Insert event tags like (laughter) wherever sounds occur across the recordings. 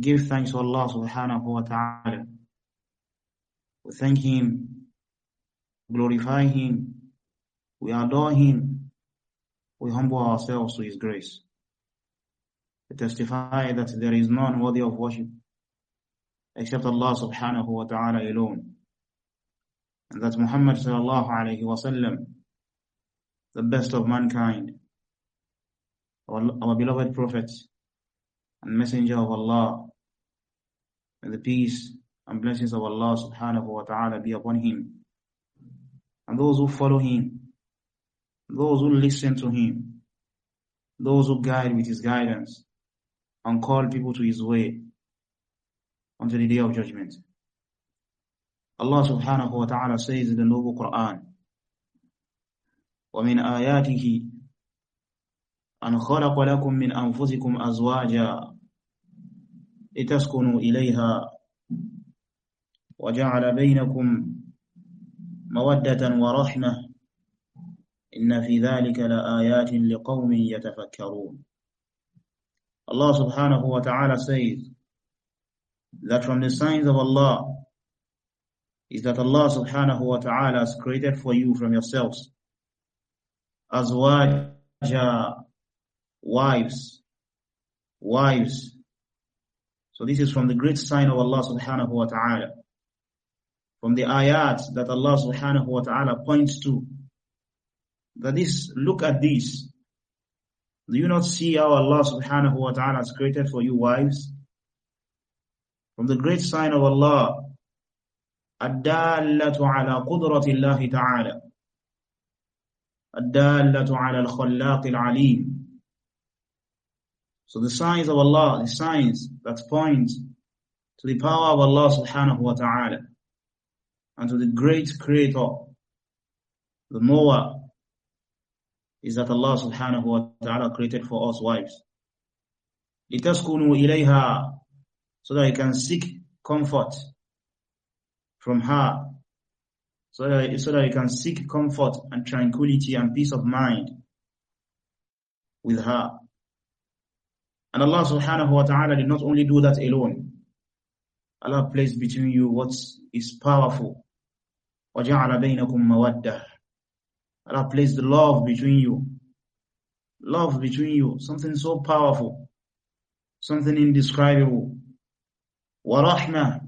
give thanks to Allah subhanahu wa ta'ala. We thank Him, glorify Him, we adore Him, we humble ourselves to His grace. We testify that there is none worthy of worship except Allah subhanahu wa ta'ala alone. And that Muhammad sallallahu alayhi wa sallam, the best of mankind, our, our beloved Prophet, and Messenger of Allah, and the peace and blessings of Allah subhanahu wa ta'ala be upon him, and those who follow him, those who listen to him, those who guide with his guidance, and call people to his way until the day of judgment. Allah subhanahu wa ta'ala says in the noble Quran, وَمِنْ آيَاتِهِ أَنْ خَلَقَ لَكُمْ مِنْ أَنْفُسِكُمْ أَزْوَاجًا لتسكنوا إليها وجعل بينكم مودة ورحمة إن في ذلك لآيات لقوم يتفكرون Allah subhanahu wa ta'ala says that from the signs of Allah is that Allah subhanahu wa ta'ala has created for you from yourselves azwaja wives wives So this is from the great sign of Allah subhanahu wa ta'ala. From the ayat that Allah subhanahu wa ta'ala points to. That is, look at this. Do you not see how Allah subhanahu wa ta'ala has created for you wives? From the great sign of Allah, الدالة على قدرة الله تعالى الدالة على الخلاق العليم so the signs of Allah, the signs that point to the power of Allah subhanahu wa ta'ala and to the great creator, the mower, is that Allah subhanahu wa ta'ala created for us wives. لِتَسْكُنُوا إِلَيْهَا So that you can seek comfort from her. So that, so that you can seek comfort and tranquility and peace of mind with her. And Allah subhanahu wa ta'ala did not only do that alone. Allah placed between you what is powerful. وَجَعَلَ بَيْنَكُمْ مَوَدَّةً Allah placed love between you. Love between you. Something so powerful. Something indescribable. وَرَحْمَةً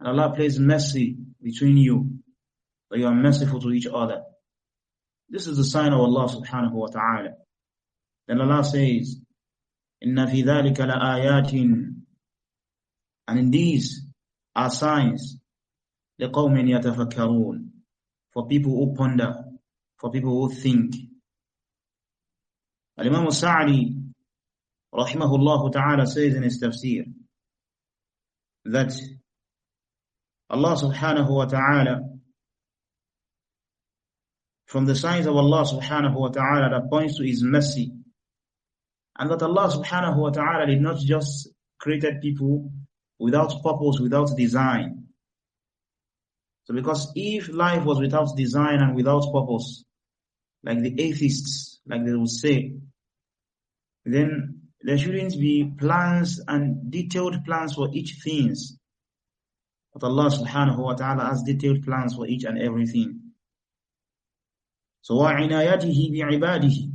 And Allah placed mercy between you. That you are merciful to each other. This is the sign of Allah subhanahu wa ta'ala. Then Allah says, إن في ذلك لآيات And in these are signs لِقَوْمٍ يَتَفَكَّرُونَ For people who ponder, for people who think. الإمام imam رحمه الله تعالى says in his tafsir that Allah subhanahu wa ta'ala from the signs of Allah subhanahu wa ta'ala that points to his mercy And that Allah subhanahu wa ta'ala did not just created people without purpose, without design. So because if life was without design and without purpose, like the atheists, like they would say, then there shouldn't be plans and detailed plans for each things. But Allah subhanahu wa ta'ala has detailed plans for each and everything. So وَعِنَايَتِهِ بِعِبَادِهِ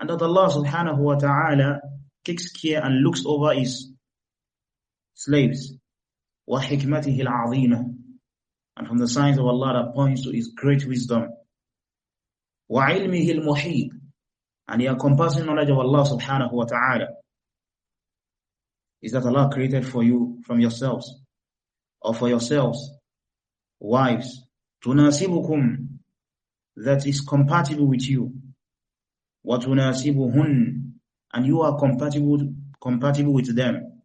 and that Allah subhanahu wa ta'ala takes care and looks over his slaves. وَحِكْمَتِهِ الْعَظِيمَةِ And from the signs of Allah that points to his great wisdom. وَعِلْمِهِ الْمُحِيطِ And the encompassing knowledge of Allah subhanahu wa ta'ala is that Allah created for you from yourselves or for yourselves wives تُنَاسِبُكُمْ that is compatible with you وَتُنَاسِبُهُنْ And you are compatible, compatible with them.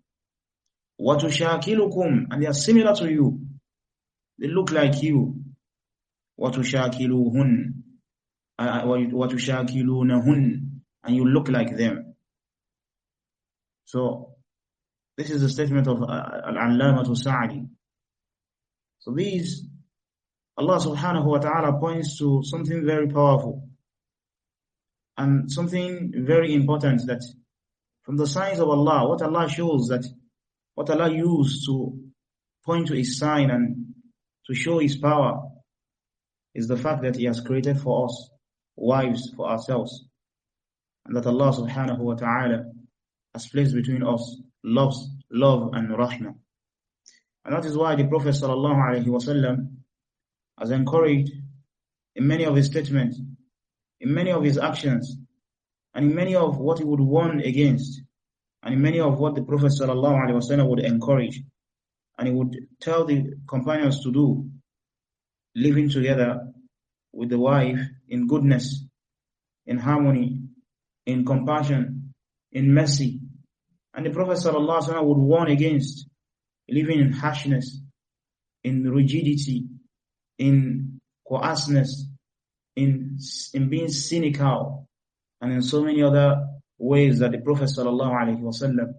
وَتُشَاكِلُكُمْ And they are similar to you. They look like you. وَتُشَاكِلُهُنْ uh, uh وَتُشَاكِلُونَهُنْ And you look like them. So, this is the statement of Allah. Al-Allamah Sa'di. So these, Allah subhanahu wa ta'ala points to something very powerful. And something very important that from the signs of Allah, what Allah shows that what Allah used to point to His sign and to show His power is the fact that He has created for us wives for ourselves. And that Allah subhanahu wa ta'ala has placed between us loves, love and rahmah. And that is why the Prophet sallallahu alaihi wasallam has encouraged in many of his statements in many of his actions and in many of what he would warn against and in many of what the Prophet ﷺ would encourage and he would tell the companions to do, living together with the wife in goodness, in harmony, in compassion, in mercy. And the Prophet ﷺ would warn against living in harshness, in rigidity, in coarseness, in, in being cynical and in so many other ways that the Prophet sallallahu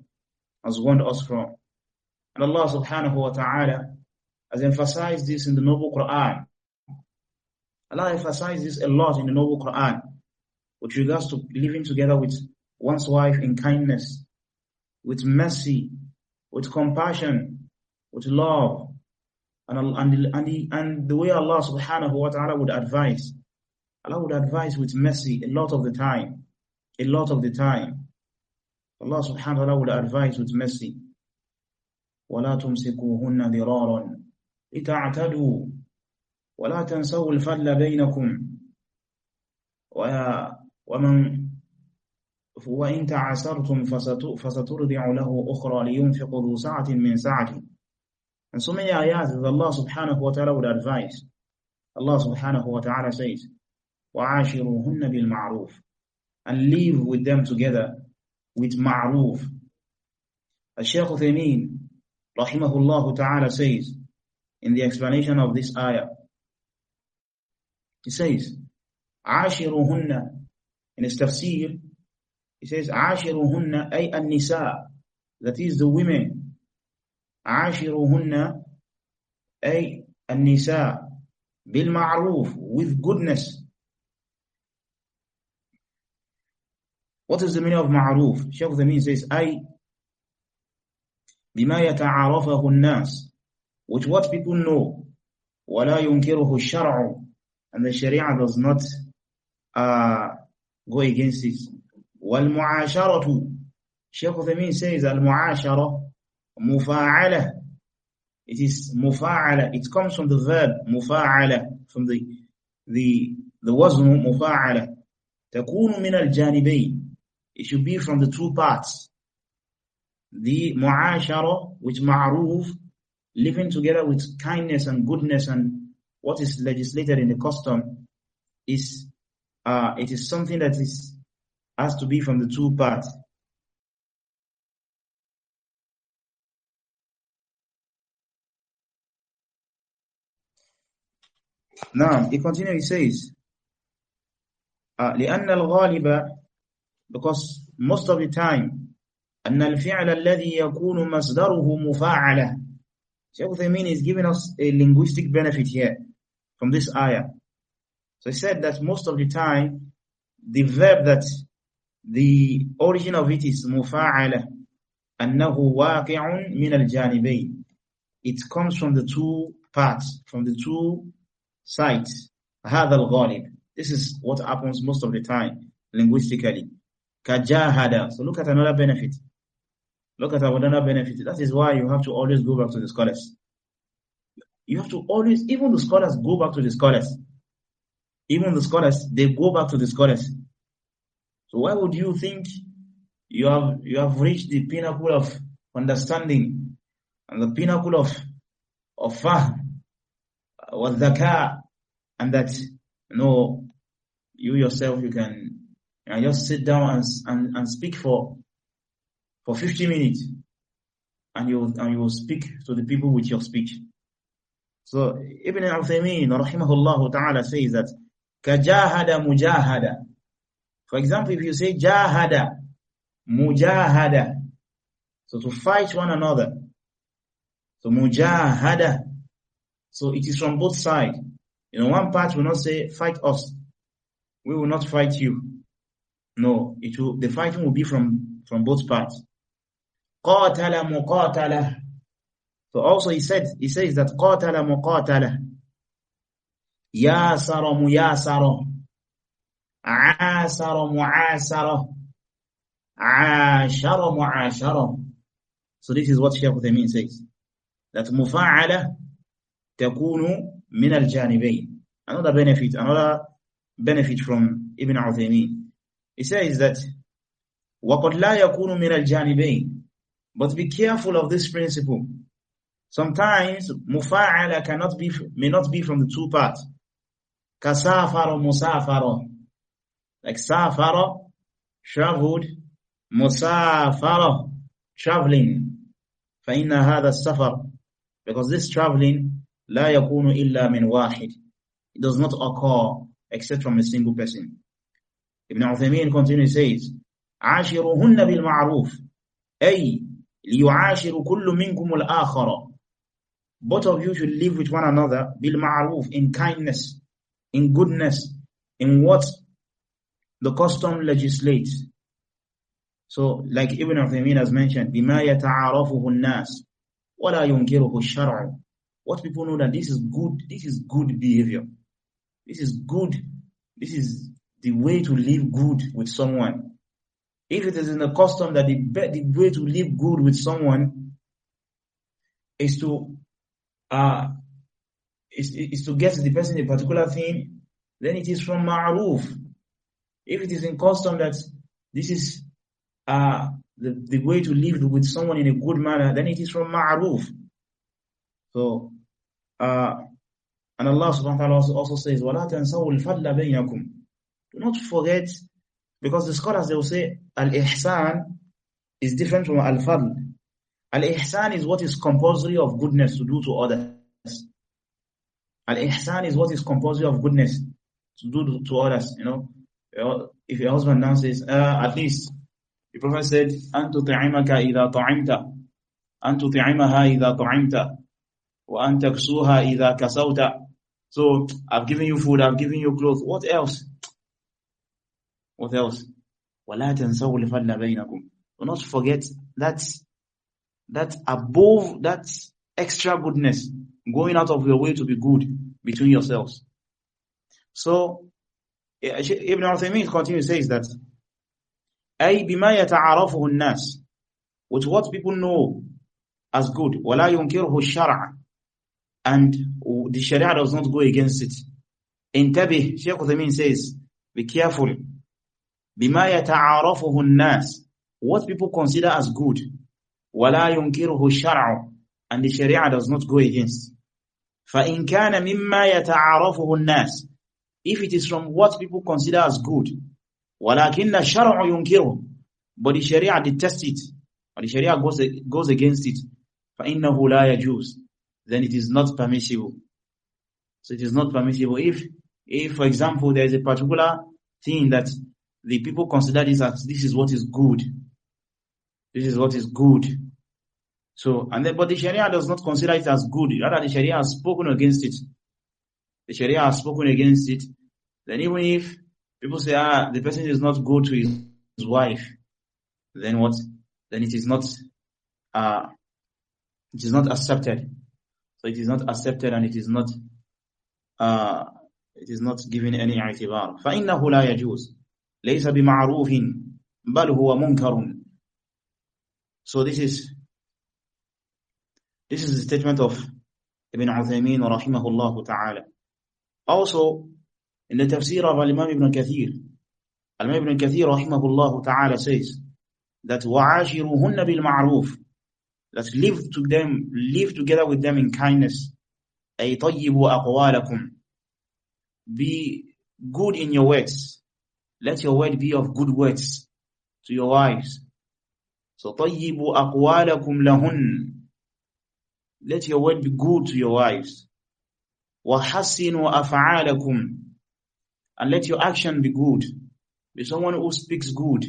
has warned us from. And Allah subhanahu wa ta'ala has emphasized this in the noble Quran. Allah emphasizes this a lot in the noble Quran with regards to living together with one's wife in kindness, with mercy, with compassion, with love, and, and, and, the, and the way Allah subhanahu wa ta'ala would advise Allah would advise with mercy a lot of the time. A lot of the time. Allah subhanahu wa ta'ala would advise with mercy. وَلَا تُمْسِكُوهُنَّ ذِرَارًا لِتَعْتَدُوا وَلَا تَنْسَوُوا الْفَضْلَ بَيْنَكُمْ وَمَنْ وَإِنْ تَعَسَرْتُمْ فَسَتُرْضِعُ لَهُ أُخْرَى لِيُنْفِقُ ذُو سَعَةٍ مِنْ سَعَةٍ And so many ayahs that Allah subhanahu wa ta'ala would advise. Allah subhanahu wa ta'ala says, وعاشروهن بالمعروف and live with them together with ma'ruf. الشيخ ثمين رحمه الله تعالى says in the explanation of this ayah, he says, عاشروهن in his tafsir, he says, عاشروهن أي النساء, that is the women. عاشروهن أي النساء بالمعروف with goodness What is the meaning of ma'ruf? Sheikh Uthaymeen says, I بما يتعارفه الناس which what people know ولا ينكره الشرع and the sharia does not uh, go against it والمعاشرة Sheikh Uthaymeen says المعاشرة mufa'ala, it is mufa'ala, it comes from the verb mufa'ala, from the the the وزن مفاعلة تكون من الجانبين it should be from the two parts. The mu'ashara, which ma'ruf, living together with kindness and goodness and what is legislated in the custom is, uh, it is something that is, has to be from the two parts. Now, he continues, he says, uh, لأن الغالب because most of the time أن الفعل الذي يكون مصدره mufa'ala Sheikh Uthaymeen is giving us a linguistic benefit here from this ayah. So he said that most of the time, the verb that the origin of it is mufa'ala, أنه واقع من الجانبين. It comes from the two parts, from the two sides. هذا الغالب. This is what happens most of the time linguistically. Kajahada. So look at another benefit. Look at another benefit. That is why you have to always go back to the scholars. You have to always, even the scholars go back to the scholars. Even the scholars, they go back to the scholars. So why would you think you have you have reached the pinnacle of understanding and the pinnacle of of fahm or dhaka and that you no know, you yourself you can and just sit down and, and, and speak for, for 50 minutes and you, and you will speak to the people with your speech. So Ibn Uthaymeen rahimahullah ta'ala says that kajahada mujahada. For example, if you say jahada, mujahada. So to fight one another. So mujahada. So it is from both sides. You know, one part will not say fight us. We will not fight you. No, it will, the fighting will be from, from both parts. قَاتَلَ مُقَاتَلَ So also he said, he says that قَاتَلَ مُقَاتَلَ يَاسَرَ مُيَاسَرَ عَاسَرَ مُعَاسَرَ عَاشَرَ مُعَاشَرَ So this is what Shaykh Uthaymeen says. That مُفَاعَلَ تَكُونُ مِنَ الْجَانِبَيْنِ Another benefit, another benefit from Ibn Uthaymeen he says that وَقَدْ لَا يَكُونُ مِنَ الْجَانِبَيْنِ But be careful of this principle. Sometimes mufa'ala cannot be may not be from the two parts. Kasafaro musafaro. Like safaro, traveled, musafaro, traveling. فَإِنَّ هَذَا السَّفَرُ Because this traveling, لا يكون إلا من واحد. It does not occur except from a single person. Ibn Uthaymeen continues, says, عاشرهن بالمعروف أي ليعاشر كل منكم الآخر Both of you should live with one another بالمعروف in kindness, in goodness, in what the custom legislates. So like Ibn Uthaymeen has mentioned, بما يتعارفه الناس ولا ينكره الشرع What people know that this is good, this is good behavior. This is good, this is the way to live good with someone. If it is in the custom that the, the way to live good with someone is to uh, is, is to get the person a particular thing, then it is from ma'aruf. If it is in custom that this is uh, the, the way to live with someone in a good manner, then it is from ma'aruf. So, uh, and Allah subhanahu wa ta'ala also, says, وَلَا تَنْسَوُوا الْفَضْلَ بَيْنَكُمْ do not forget, because the scholars, they will say, Al-Ihsan is different from Al-Fadl. Al-Ihsan is what is compulsory of goodness to do to others. Al-Ihsan is what is compulsory of goodness to do to others, you know. If your husband now says, uh, at least, the Prophet said, أَن تُطِعِمَكَ ida طَعِمْتَ أَن تُطِعِمَهَا ida طَعِمْتَ وَأَن suha ida kasauta." So, I've given you food, I've given you clothes, what else? What else? وَلَا تَنْسَوْا الْفَضْلَ بَيْنَكُمْ Do not forget that, that above, that extra goodness, going out of your way to be good between yourselves. So, eh, Ibn Uthaymeen continues says that, أي بما يتعارفه nas, which what people know as good ولا ينكره الشرع and the sharia does not go against it انتبه Sheikh Uthaymeen says be careful bima yata'arafuhu an-nas what people consider as good wala yunkiruhu shar'u and the sharia does not go against fa in kana mimma yata'arafuhu an-nas if it is from what people consider as good walakinna shar'u yunkiruhu but the sharia detests it or the sharia goes goes against it fa innahu la yajuz then it is not permissible so it is not permissible if if for example there is a particular thing that the people consider this as this is what is good. This is what is good. So, and then, but the Sharia does not consider it as good. Rather, the Sharia has spoken against it. The Sharia has spoken against it. Then even if people say, ah, the person is not good to his, his wife, then what? Then it is not, uh, it is not accepted. So it is not accepted and it is not, uh, it is not given any itibar. فَإِنَّهُ لَا يَجُوزُ ليس بمعروف بل هو منكر so this is this is the statement of ابن عثيمين رحمه الله تعالى also in the تفسير of الإمام ابن كثير الإمام ابن كثير رحمه الله تعالى says that wa'ashiruhunna بالمعروف that live to them live together with them in kindness أي tayyibu أقوالكم be good in your words Let your word be of good words to your wives. So طَيِّبُوا أَقْوَالَكُمْ لَهُنْ Let your word be good to your wives. وَحَسِّنُوا أَفْعَالَكُمْ And let your action be good. Be someone who speaks good.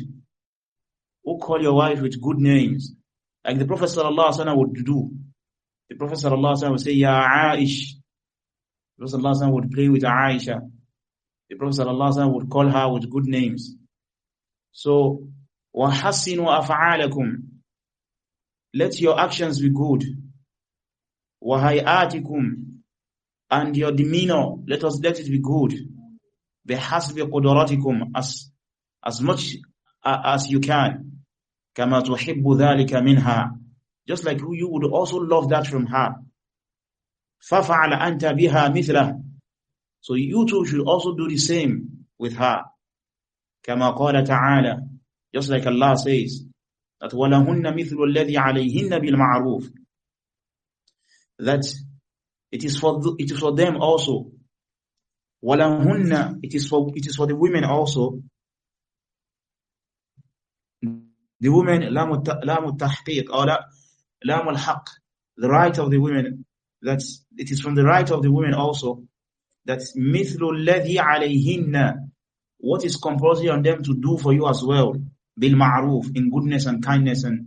Who call your wife with good names. Like the Prophet ﷺ would do. The Prophet ﷺ would say, Ya Aish. The Prophet ﷺ would play with Aisha. The Prophet ﷺ would call her with good names. So, وَحَسِّنُوا أَفْعَالَكُمْ Let your actions be good. وَهَيْآتِكُمْ And your demeanor, let us let it be good. بِحَسْبِ قُدْرَاتِكُمْ As, as much as you can. كَمَا تُحِبُّ ذَلِكَ مِنْهَا Just like you would also love that from her. فَفَعَلَ أَنْتَ بِهَا مِثْلَهُ so you too should also do the same with her. كما قال تعالى Just like Allah says that وَلَهُنَّ مِثْلُ الَّذِي عَلَيْهِنَّ بِالْمَعْرُوفِ That it is for the, it is for them also. وَلَهُنَّ it is for it is for the women also. The women لام التحقيق أو لام الحق the right of the women that it is from the right of the women also that's mithlu alladhi alayhinna. What is compulsory on them to do for you as well? Bil ma'ruf, in goodness and kindness and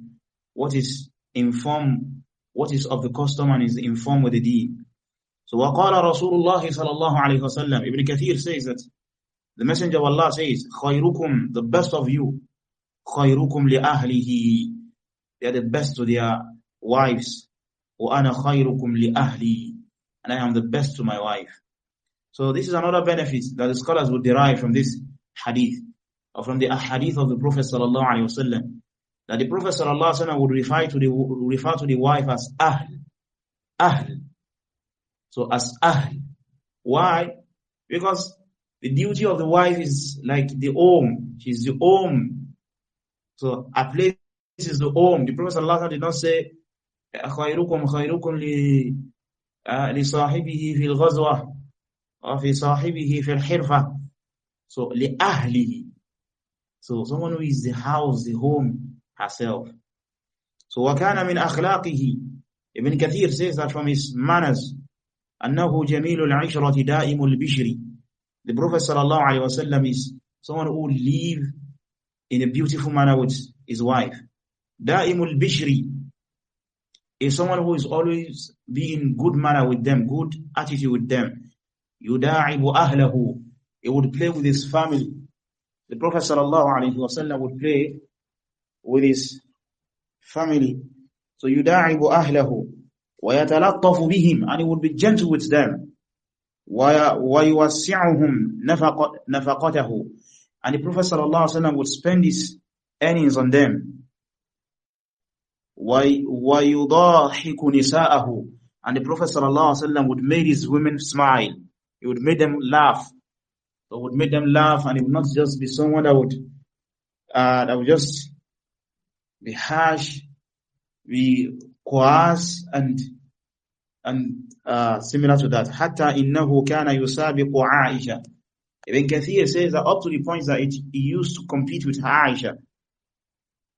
what is informed, what is of the custom and is informed with the deed. So waqala Rasulullah الله صلى الله عليه وسلم Ibn Kathir says that the messenger of Allah says خيركم the best of you li لأهله they are the best to their wives Wa وأنا li لأهلي and I am the best to my wife so this is another benefit that the scholars would derive from this hadith, or from the hadith of the Prophet sallallahu alaihi wasallam, that the Prophet sallallahu alaihi wasallam would refer to the refer to the wife as ahl, ahl. So as ahl. Why? Because the duty of the wife is like the home. She's the home. So a place is the home. The Prophet sallallahu alaihi wasallam did not say خيركم خيركم لصاحبه في الغزوة وفي صاحبه في الحرفة so لأهله so someone who is the house the home herself so وكان من akhlaqihi Ibn Kathir says that from his manners al جميل العشرة دائم bishri the Prophet sallallahu alaihi wasallam is someone who live in a beautiful manner with his wife al-Bishri is someone who is always being good manner with them, good attitude with them yuda'ibu ahlahu. He would play with his family. The Prophet sallallahu alaihi wasallam would play with his family. So yuda'ibu ahlahu wa yatalattafu bihim and he would be gentle with them. Wa yuwassi'uhum nafaqatahu. And the Prophet sallallahu alaihi wasallam would spend his earnings on them. Wa yudahiku nisa'ahu and the Prophet sallallahu alaihi wasallam would make his women smile. It would make them laugh. It would make them laugh and it would not just be someone that would, uh, that would just be harsh, be coarse and, and, uh, similar to that. Hatta innahu kana yusabiqu Aisha. Ibn Kathir says that up to the point that it, he used to compete with Aisha.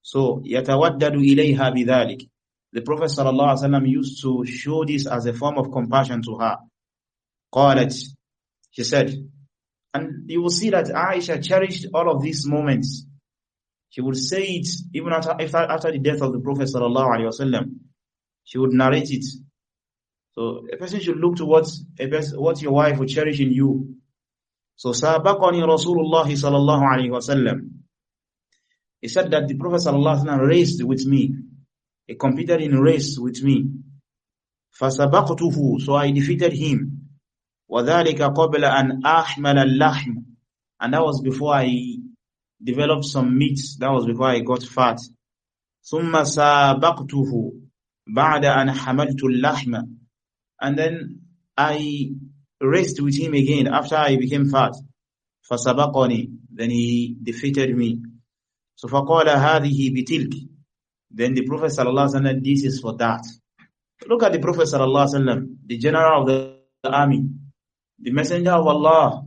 So, yatawaddadu ilayha bidhalik. The Prophet sallallahu alaihi wasallam used to show this as a form of compassion to her it," mm-hmm. she said, and you will see that Aisha cherished all of these moments. She would say it even after, after, the death of the Prophet sallallahu alaihi wasallam. She would narrate it. So a person should look towards what a person, what your wife would cherish in you. So sabaqani Rasulullah sallallahu alaihi wasallam. He said that the Prophet sallallahu alaihi wasallam raced with me. He competed in race with me. فَسَبَقْتُهُ So I defeated him. وَذَلِكَ قَبْلَ أَنْ أَحْمَلَ اللَّحْمَ And that was before I developed some meat. That was before I got fat. ثُمَّ سَابَقْتُهُ بَعْدَ أَنْ حَمَلْتُ اللَّحْمَ And then I raced with him again after I became fat. فَسَبَقَنِي Then he defeated me. So فَقَالَ هَذِهِ بِتِلْكِ Then the Prophet ﷺ, this is for that. Look at the Prophet ﷺ, the general of the army the messenger of Allah,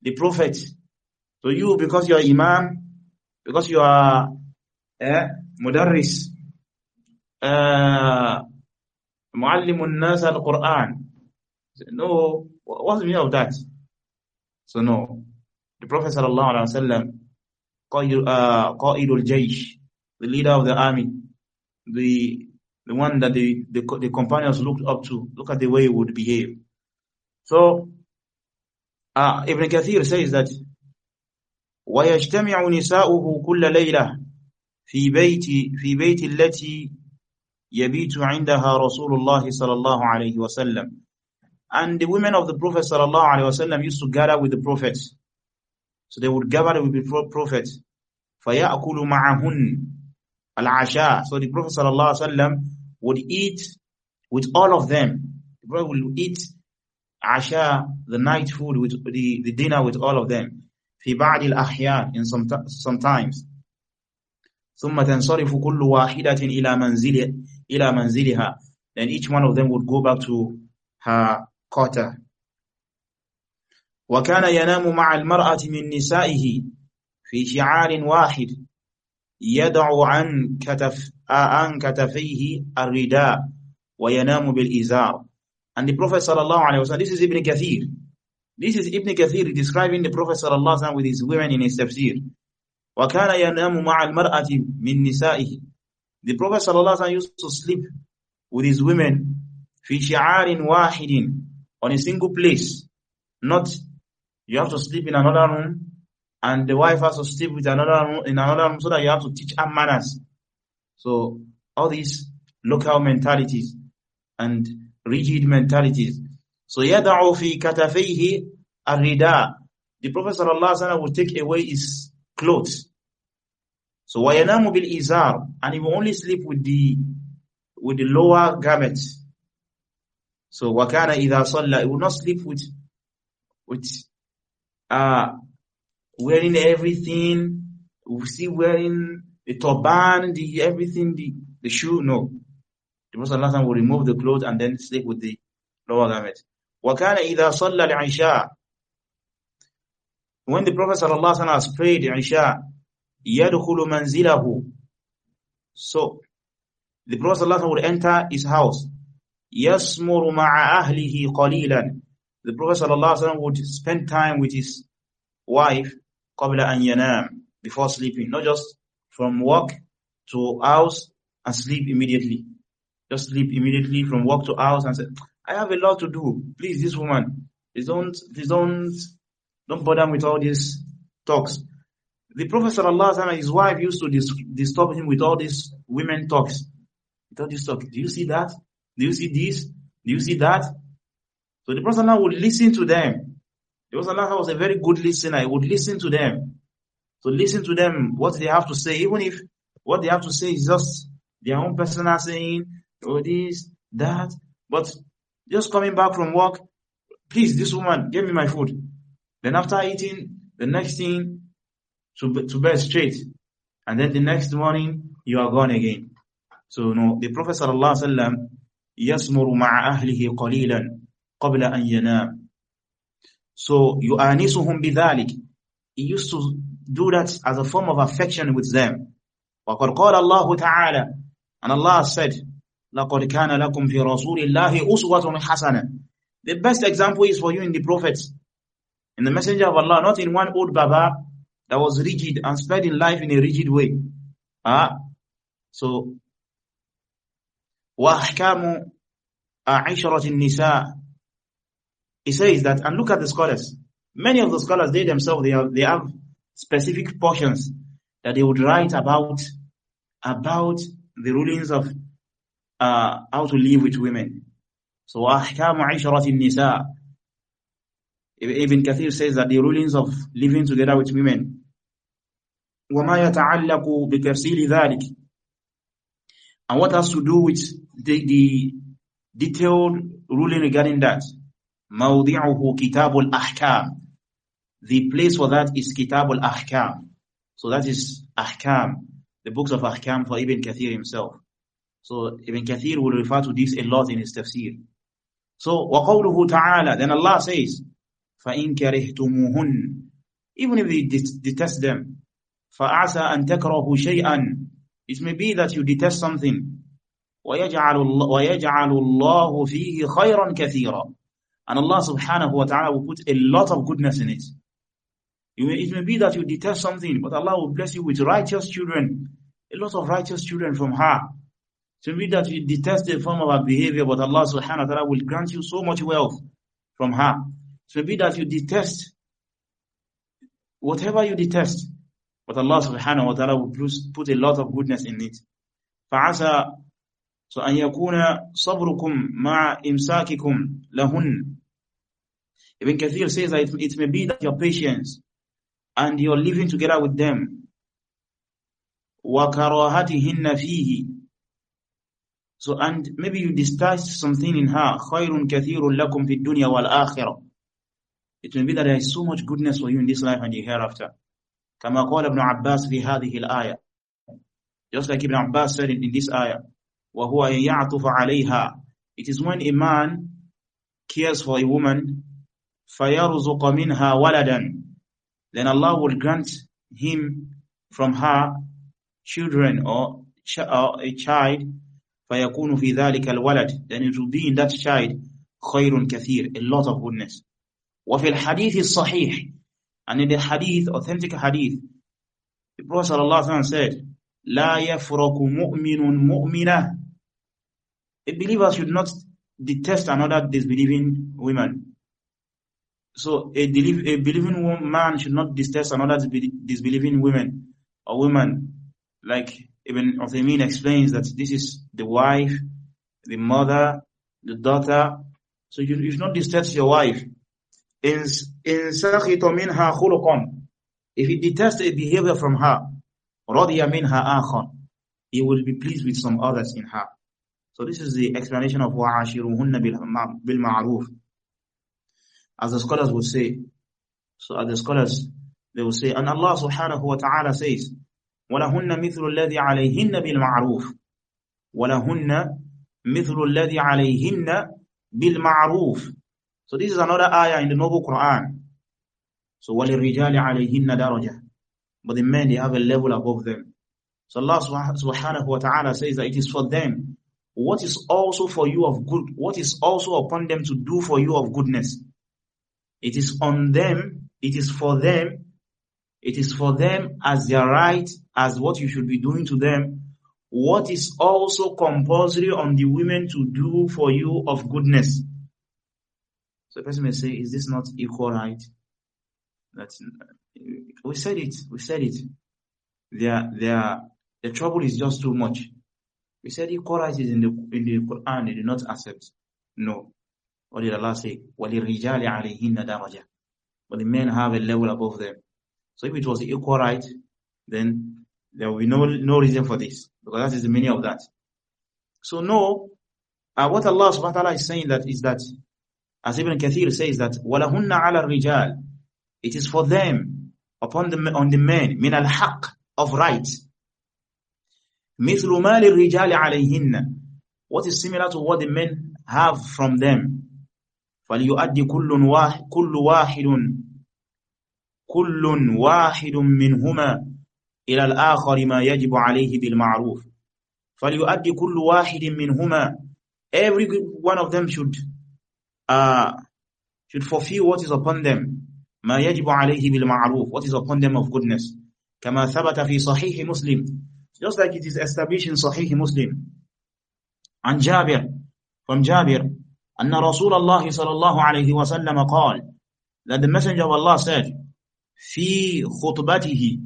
the prophet. So you, because you are imam, because you are eh, mudarris, uh, eh, nas al-Quran. No, what's the meaning of that? So no. The Prophet sallallahu alaihi wasallam, qaidul uh, jaysh, the leader of the army, the the one that the, the the companions looked up to. Look at the way he would behave. So Ah, Ibn Kathir says that وَيَجْتَمِعُ نِسَاؤُهُ كُلَّ لَيْلَةٍ في بيت في بيت التي يبيت عندها رسول الله صلى الله عليه وسلم and the women of the prophet صلى الله عليه وسلم used to gather with the prophet so they would gather with the prophet فيأكل معهن العشاء so the prophet صلى الله عليه وسلم would eat with all of them the prophet would eat Asha, the night food, with the, the dinner with all of them. في بعض الأحيان in some, sometimes. ثم تنصرف كل واحدة إلى منزل إلى منزلها. Then each one of them would go back to her quarter. وكان ينام مع المرأة من نسائه في شعار واحد يدع عن كتف عن كتفيه الرداء وينام بالإزار and the Prophet sallallahu alaihi wasallam, this is Ibn Kathir. This is Ibn Kathir describing the Prophet sallallahu alaihi wasallam with his women in his tafsir. وَكَانَ يَنَامُ مَعَ الْمَرْأَةِ مِنْ نِسَائِهِ The Prophet sallallahu alaihi wasallam used to sleep with his women فِي شِعَارٍ وَاحِدٍ On a single place. Not, you have to sleep in another room and the wife has to sleep with another room, in another room so that you have to teach her manners. So all these local mentalities and rigid mentalities. So yada'u fi katafayhi arida. The Prophet sallallahu will take away his clothes. So wayanamu bil izar, and he will only sleep with the with the lower garment. So wakana idha salla, he will not sleep with with uh wearing everything. We see wearing the turban, the everything, the the shoe. No, the Prophet ﷺ will remove the clothes and then sleep with the lower garment. وَكَانَ إِذَا صَلَّى الْعِشَاءَ When the Prophet ﷺ has prayed Isha, يَدْخُلُ مَنْزِلَهُ So, the Prophet ﷺ will enter his house. يَسْمُرُ مَعَ أَهْلِهِ قَلِيلًا The Prophet ﷺ would spend time with his wife قَبْلَ أَنْ يَنَامُ Before sleeping, not just from work to house and sleep immediately just sleep immediately from work to house and say, I have a lot to do. Please, this woman, please don't, please don't, don't bother with all these talks. The Prophet sallallahu alaihi his wife used to dis- disturb him with all these women talks. With all these talks. Do you see that? Do you see this? Do you see that? So the Prophet would listen to them. The Prophet was a very good listener. He would listen to them. So listen to them, what they have to say, even if what they have to say is just their own personal saying, all this, that. But just coming back from work, please, this woman give me my food. Then after eating, the next thing to, to bed straight. And then the next morning, you are gone again. So no, the Prophet sallallahu يسمر مع أهله قليلا قبل أن ينام. So يؤانسهم بذلك. He used to do that as a form of affection with them. وقد قال الله تعالى and Allah said the best example is for you in the prophets in the Messenger of Allah, not in one old Baba that was rigid and spreading in life in a rigid way. Ah, So, وَأَحْكَامُ in nisa. He says that, and look at the scholars. Many of the scholars, they themselves, they have, they have specific portions that they would write about, about the rulings of uh, how to live with women. So ahkamu isharatin nisa. Ibn Kathir says that the rulings of living together with women. وَمَا يَتَعَلَّقُ بِتَفْصِيلِ ذَلِكِ And what has to do with the, the detailed ruling regarding that? مَوْضِعُهُ كِتَابُ الْأَحْكَامِ The place for that is Kitab al-Ahkam. So that is Ahkam, the books of Ahkam for Ibn Kathir himself. So Ibn Kathir will refer to this a lot in his tafsir. So وَقَوْلُهُ تَعَالَى Then Allah says, فَإِن كَرِهْتُمُهُنْ Even if you detest them, فَأَعْسَى أَن تَكْرَهُ شَيْئًا It may be that you detest something. وَيَجْعَلُ اللَّهُ فِيهِ خَيْرًا كَثِيرًا And Allah subhanahu wa ta'ala will put a lot of goodness in it. It may be that you detest something, but Allah will bless you with righteous children, a lot of righteous children from her. To mean that you detest a form of her behavior, but Allah subhanahu wa ta'ala will grant you so much wealth from her. To be that you detest whatever you detest, but Allah subhanahu wa ta'ala will put a lot of goodness in it. فَعَسَى so أن يكون صبركم مع إمساككم لهن Ibn Kathir says that it, it, may be that your patience and your living together with them وَكَرَاهَتِهِنَّ فِيهِ so, and maybe you displaced something in her. خَيْرٌ كَثِيرٌ لَكُمْ فِي الدُّنْيَا وَالْآخِرَةِ It may be that there is so much goodness for you in this life and the hereafter. كما قال ابن عباس في هذه الآية. Just like Ibn Abbas said in, in this ayah. وَهُوَ يَعْطُفَ عَلَيْهَا It is when a man cares for a woman, فَيَرْزُقَ مِنْهَا وَلَدًا Then Allah will grant him from her children or, ch or a child فيكون في ذلك الولد then it will be in that child خير كثير a lot of goodness وفي الحديث الصحيح and in the hadith authentic hadith the Prophet وسلم said لا يفرق مؤمن مؤمنة a believer should not detest another disbelieving woman so a, a believing man should not detest another disbelieving woman or woman like Ibn Uthaymeen explains that this is the wife, the mother, the daughter. So you, you should not detest your wife. In, in khuluqan. If he detests a behavior from her, radiya minha akhan. He will be pleased with some others in her. So this is the explanation of وَعَاشِرُهُنَّ بِالْمَعْرُوفِ As the scholars will say, so as the scholars, they will say, and Allah subhanahu wa ta'ala says, ولهن مثل الذي عليهن بالمعروف ولهن مثل الذي عليهن بالمعروف so this is another ayah in the noble Quran so وَلِلْرِجَالِ عَلَيْهِنَّ دَرَجَةً but the men they have a level above them so Allah subhanahu wa ta'ala says that it is for them what is also for you of good what is also upon them to do for you of goodness it is on them it is for them It is for them as their right, as what you should be doing to them, what is also compulsory on the women to do for you of goodness. So the person may say, is this not equal right? That's we said it, we said it. Their their the trouble is just too much. We said equal rights is in the in the Quran, they do not accept. No. What did Allah say? عَلَيْهِنَّ But the men have a level above them. So if it was equal right, then there will be no, no reason for this because that is the meaning of that. So no, uh, what Allah subhanahu wa ta'ala is saying that is that, as Ibn Kathir says that, وَلَهُنَّ عَلَى الرِّجَالِ It is for them, upon the, on the men, min al-haq, of right. مِثْلُ مَالِ الرِّجَالِ عَلَيْهِنَّ What is similar to what the men have from them. فَلْيُؤَدِّ كُلُّ واحد كل واحد منهما إلى الآخر ما يجب عليه بالمعروف فليؤدي كل واحد منهما every one of them should uh, should fulfill what is upon them ما يجب عليه بالمعروف what is upon them of goodness كما ثبت في صحيح مسلم just like it is established in صحيح مسلم عن جابر from جابر أن رسول الله صلى الله عليه وسلم قال that the messenger of Allah said في خطبته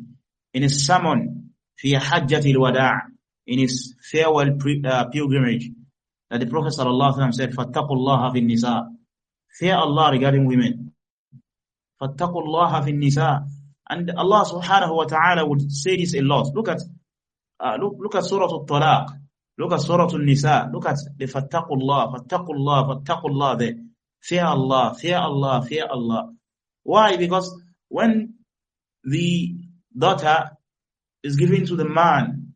in his sermon في حجة الوداع in his farewell pilgrimage that the Prophet sallallahu alaihi wasallam said فاتقوا الله في النساء fear Allah regarding women فاتقوا الله في النساء and Allah subhanahu wa ta'ala would say this a lot look at uh, look, look at surah al-talaq look at surah al-nisa look at the فاتقوا الله فاتقوا الله فاتقوا الله there fear Allah fear Allah fear Allah why because When the daughter is given to the man,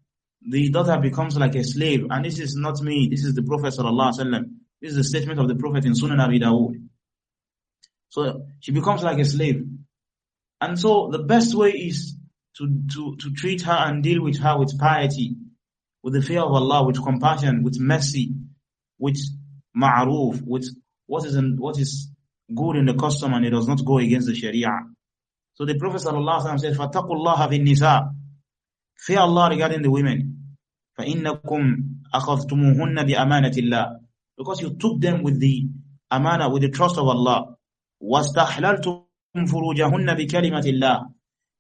the daughter becomes like a slave. And this is not me, this is the Prophet sallallahu alaihi wasallam. This is the statement of the Prophet in Sunan Abi Dawud. So she becomes like a slave. And so the best way is to, to, to treat her and deal with her with piety, with the fear of Allah, with compassion, with mercy, with ma'aruf, with what is, in, what is good in the custom and it does not go against the sharia. So the Prophet ﷺ said, فَاتَّقُوا اللَّهَ فِي النِّسَاءِ Fear Allah regarding the women. فَإِنَّكُمْ أَخَذْتُمُوهُنَّ بِأَمَانَةِ اللَّهِ Because you took them with the amana, with the trust of Allah. وَاسْتَحْلَلْتُمْ فُرُوجَهُنَّ بِكَلِمَةِ اللَّهِ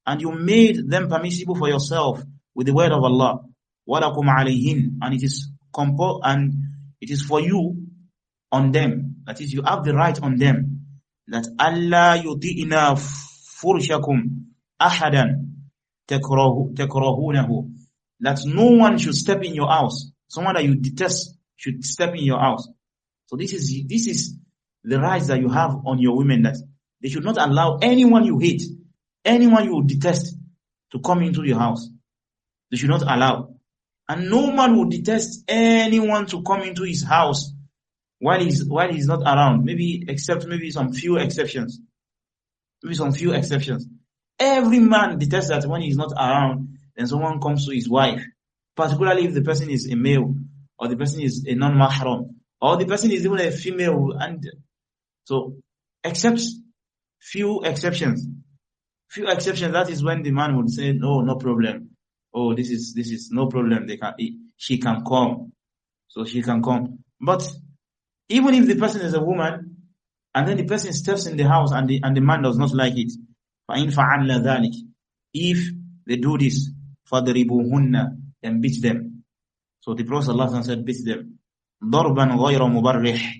And you made them permissible for yourself with the word of Allah. وَلَكُمْ عَلَيْهِنْ And it is compo and it is for you on them. That is, you have the right on them. That Allah yuti'ina that no one should step in your house someone that you detest should step in your house so this is this is the rights that you have on your women that they should not allow anyone you hate anyone you detest to come into your house they should not allow and no man would detest anyone to come into his house while he's while he's not around maybe except maybe some few exceptions with some few exceptions. Every man detests that when he's not around, then someone comes to his wife, particularly if the person is a male, or the person is a non-mahram, or the person is even a female, and so, except few exceptions. Few exceptions, that is when the man would say, no, no problem. Oh, this is, this is no problem. They can, she can come. So she can come. But even if the person is a woman, and then the person steps in the house and the, and the man does not like it. If they do this, فَضْرِبُهُنَّ Then beat them. So the Prophet ﷺ said, beat them. ضَرْبًا غَيْرَ مُبَرِّحٍ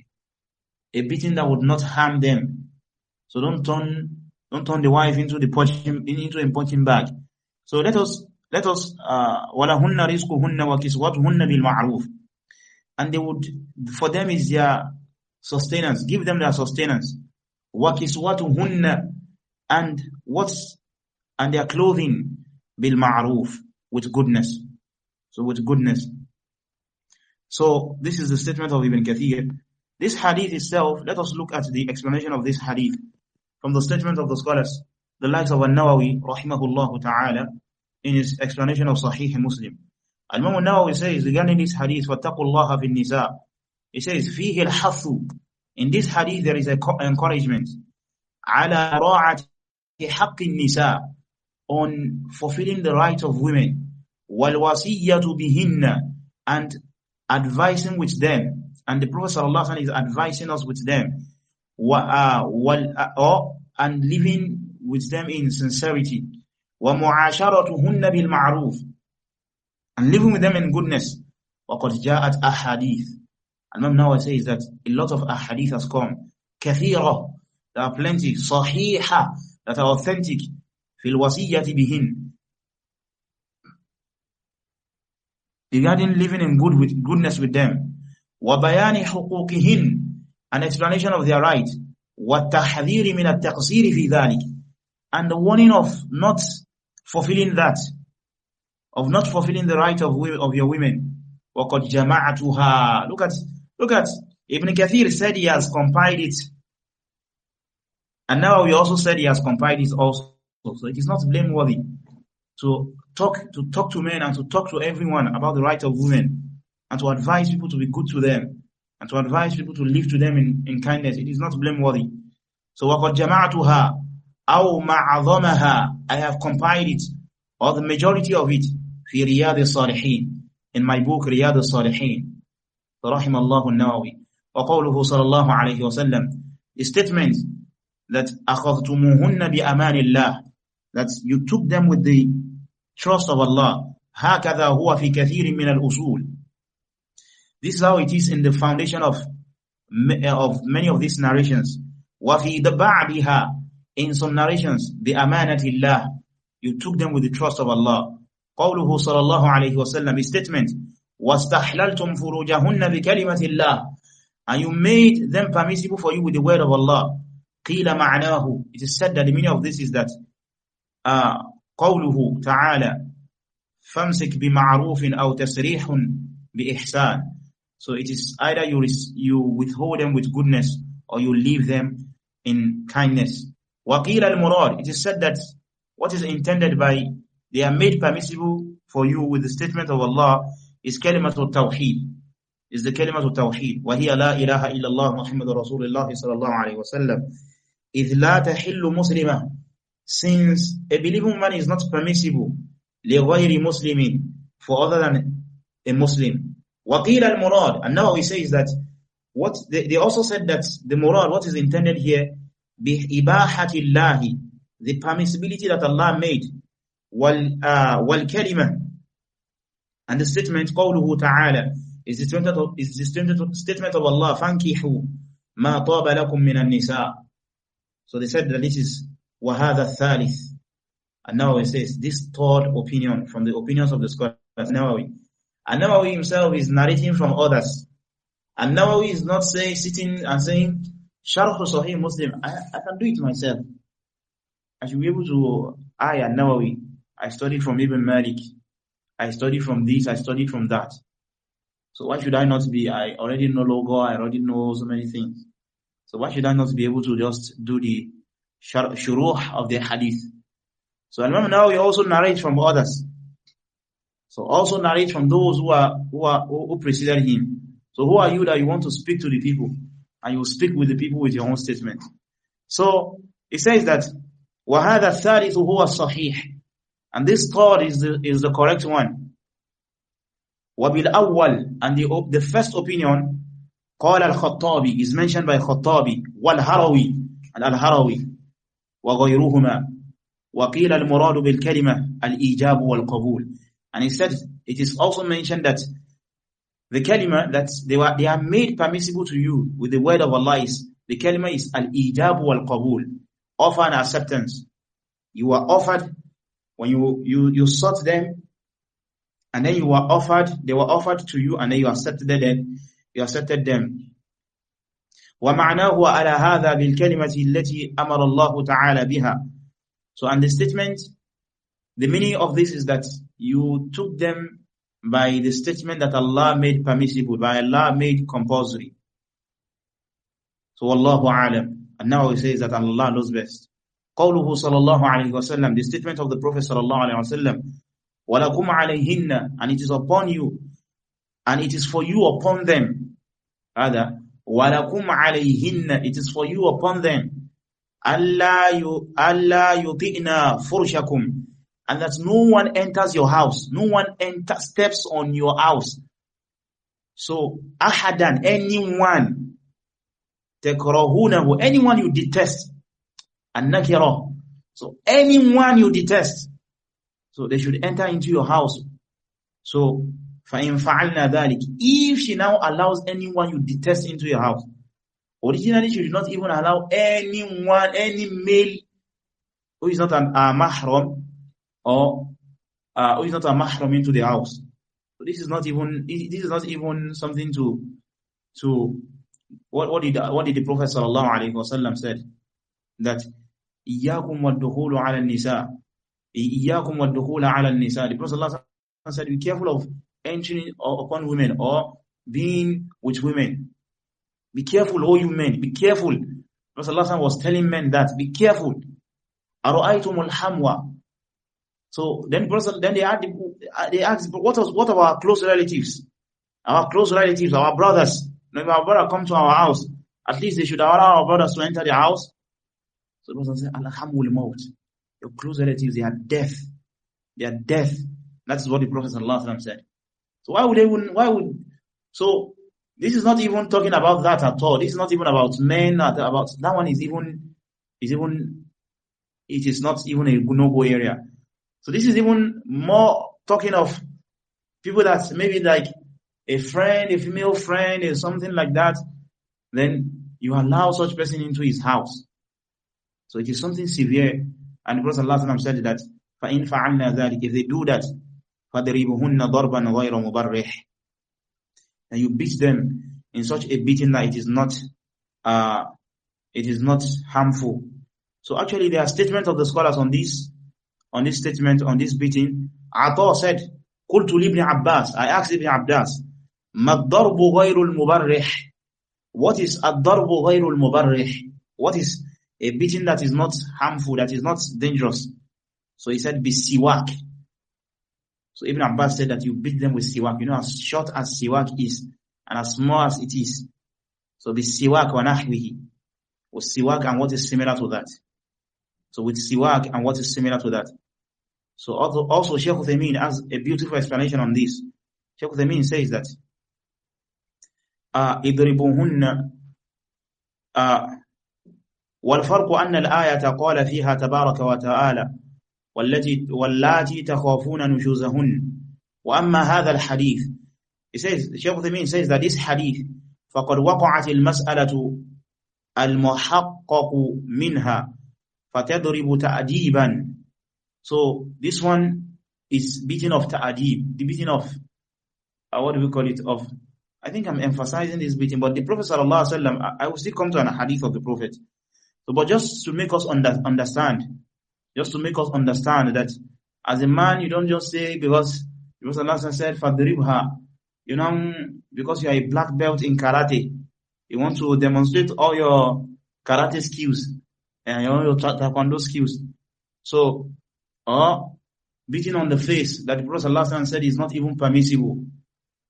A beating that would not harm them. So don't turn, don't turn the wife into the punching, into a punching bag. So let us, let us, uh, وَلَهُنَّ رِزْقُهُنَّ وَكِسْوَتُهُنَّ بِالْمَعْرُوفِ And they would, for them is their sustenance. Give them their sustenance. وَكِسْوَتُهُنَّ And what's and their clothing بِالْمَعْرُوف with goodness. So with goodness. So this is the statement of Ibn Kathir. This hadith itself, let us look at the explanation of this hadith from the statement of the scholars, the likes of An-Nawawi, rahimahullah ta'ala, in his explanation of Sahih Muslim. Al-Imam nawawi says regarding this hadith, فَاتَّقُوا اللَّهَ فِي النِّسَاءِ it says, فيه الحث. In this hadith, there is an encouragement. على راعة حق النساء. On fulfilling the right of women. والوصية بهن. And advising with them. And the Prophet ﷺ is advising us with them. Uh, uh, and living with them in sincerity. ومعاشرتهن بالمعروف. And living with them in goodness. وقد جاءت أحاديث Imam say says that a lot of ahadith has come. Kathira, there are plenty. Sahiha, that are authentic. Fil wasiyyati bihin. Regarding living in good with goodness with them. وَبَيَانِ حُقُوقِهِنْ An explanation of their right. وَالتَّحْذِيرِ مِنَ التَّقْصِيرِ fi ذَلِكِ And the warning of not fulfilling that. Of not fulfilling the right of, of your women. وَقَدْ جَمَعَتُهَا Look at Look at Ibn Kathir said he has compiled it. And now we also said he has compiled it also. So it is not blameworthy to talk to talk to men and to talk to everyone about the right of women and to advise people to be good to them and to advise people to live to them in, in kindness. It is not blameworthy. So وَقَدْ جَمَعْتُهَا أَوْ مَعَظَمَهَا I have compiled it or the majority of it في رياض الصالحين in my book رياض الصالحين رحم الله النووي وقوله صلى الله عليه وسلم, statements statement that أخذتموهن بأمان الله, that you took them with the trust of Allah, هكذا هو في كثير من الأصول. This is how it is in the foundation of, of many of these narrations. وفي بعدها in some narrations بأمانة الله you took them with the trust of Allah قوله صلى الله عليه وسلم statements statement And you made them permissible for you with the word of Allah. قِيلَ مَعْنَاهُ It is said that the meaning of this is that uh, قوله تعالى فَامْسِكْ بِمَعْرُوفٍ أَوْ تَسْرِيحٌ بِإِحْسَانٍ So it is either you, you withhold them with goodness or you leave them in kindness. وَقِيلَ الْمُرَادِ It is said that what is intended by they are made permissible for you with the statement of Allah is kalimatu tawheed is the كلمة tawheed وهي لا إله إلا الله محمد رسول الله sallallahu alayhi wa sallam إذ la tahillu muslima since a believing man is not permissible ghayri muslimin for other than a Muslim وقيل المراد and now he says that what they, they also said that the murad what is intended here بإباحة الله the permissibility that Allah made wal uh, والكلمة And the statement, قوله تعالى, is the statement of, is the statement of, Allah, فَانْكِحُوا مَا طَابَ لَكُم مِّنَ النِّسَاءِ So they said that this is وَهَذَا الثَّالِثِ And it says, this third opinion from the opinions of the scholars, Nawawi. And Nawawi himself is narrating from others. And Nawawi is not saying, sitting and saying, Sharh Sahih Muslim, I, I can do it myself. I should be able to, I and Nawawi, I studied from Ibn Malik, I studied from this, I studied from that. So why should I not be? I already know logo, I already know so many things. So why should I not be able to just do the shuruh of the hadith? So remember now you also narrate from others. So also narrate from those who are who are who preceded him. So who are you that you want to speak to the people? And you speak with the people with your own statement. So it says that وَهَذَا الثَّالِثُ هُوَ الصَّحِيحُ and this thought is the, is the correct one. وَبِالْأَوَّلِ And the, the first opinion, قال الخطابي is mentioned by خطابي والهروي and الهروي وغيرهما وقيل المراد بالكلمة الإيجاب والقبول and he said it is also mentioned that the kalima that they were they are made permissible to you with the word of Allah is the kalima is al ijab wal qabul offer and acceptance you are offered when you, you, you sought them, and then you were offered, they were offered to you, and then you accepted them, you accepted them. ومعناه على هذا بالكلمة التي أمر الله تعالى بها. So, and the statement, the meaning of this is that you took them by the statement that Allah made permissible, by Allah made compulsory. So Allah Alam. And now he says that Allah knows best. Qawluhu sallallahu alayhi wasallam, the statement of the Prophet sallallahu alayhi wasallam, وَلَكُمْ عَلَيْهِنَّ And it is upon you, and it is for you upon them. Other, وَلَكُمْ عَلَيْهِنَّ It is for you upon them. أَلَّا يُطِئْنَا فُرْشَكُمْ And that no one enters your house, no one enter, steps on your house. So, ahadan, anyone, تَكْرَهُونَهُ Anyone you detest, and nakira. So anyone you detest, so they should enter into your house. So فَإِنْ فَعَلْنَا ذَلِكِ If she now allows anyone you detest into your house, originally she did not even allow anyone, any male who is not an, a mahram or uh, who is not a mahram into the house. So this is not even this is not even something to to what what did what did the Prophet sallallahu alaihi wasallam said that iyyakum wad-dukhulu an-nisa iyyakum wad-dukhulu an-nisa the prophet sallallahu said be careful of entering upon women or being with women be careful all you men be careful the prophet sallallahu was telling men that be careful ara'aytumul hamwa so then then they asked they asked what was what our close relatives our close relatives our brothers when our brother come to our house at least they should allow our brothers to enter the house so the Prophet said, al Maut. Your close relatives, they are deaf. They are deaf. That is what the Prophet said. So why would they, why would, so this is not even talking about that at all. This is not even about men, about, that one is even, is even, it is not even a no-go area. So this is even more talking of people that maybe like a friend, a female friend, or something like that. Then you allow such person into his house. So it is something severe. And the Prophet ﷺ said that, فَإِنْ فَعَلْنَا ذَلِكَ If they do that, ضَرْبًا غَيْرَ And you beat them in such a beating that it is not, uh, it is not harmful. So actually there are statements of the scholars on this, on this statement, on this beating. Ata said, قُلْتُ لِبْنِ Abbas, I asked Ibn Abbas, مَا الضَّرْبُ غَيْرُ الْمُبَرِّحِ What is الضَّرْبُ غَيْرُ الْمُبَرِّحِ What is a beating that is not harmful, that is not dangerous. So he said, be siwak. So Ibn Abbas said that you beat them with siwak. You know, as short as siwak is, and as small as it is. So be siwak wa nahwihi. With siwak and what is similar to that. So with siwak and what is similar to that. So also, also Sheikh Uthaymeen has a beautiful explanation on this. Sheikh Uthaymeen says that, uh, uh, والفرق أن الآية قال فيها تبارك وتعالى والتي واللاتي تخافون نشوزهن وأما هذا الحديث الشيخ says says that this hadith فقد وقعت المسألة المحقق منها فتضرب تأديبا so this one is beating of تأديب the beating of uh, what do we call it of I think I'm emphasizing this beating but the Prophet صلى sallallahu alaihi wasallam I will still come to an hadith of the Prophet So, but just to make us under, understand, just to make us understand that as a man, you don't just say because because Allah said, "Fadribha," you know, because you are a black belt in karate, you want to demonstrate all your karate skills and all your taekwondo skills. So, or uh, beating on the face that the Allah said is not even permissible.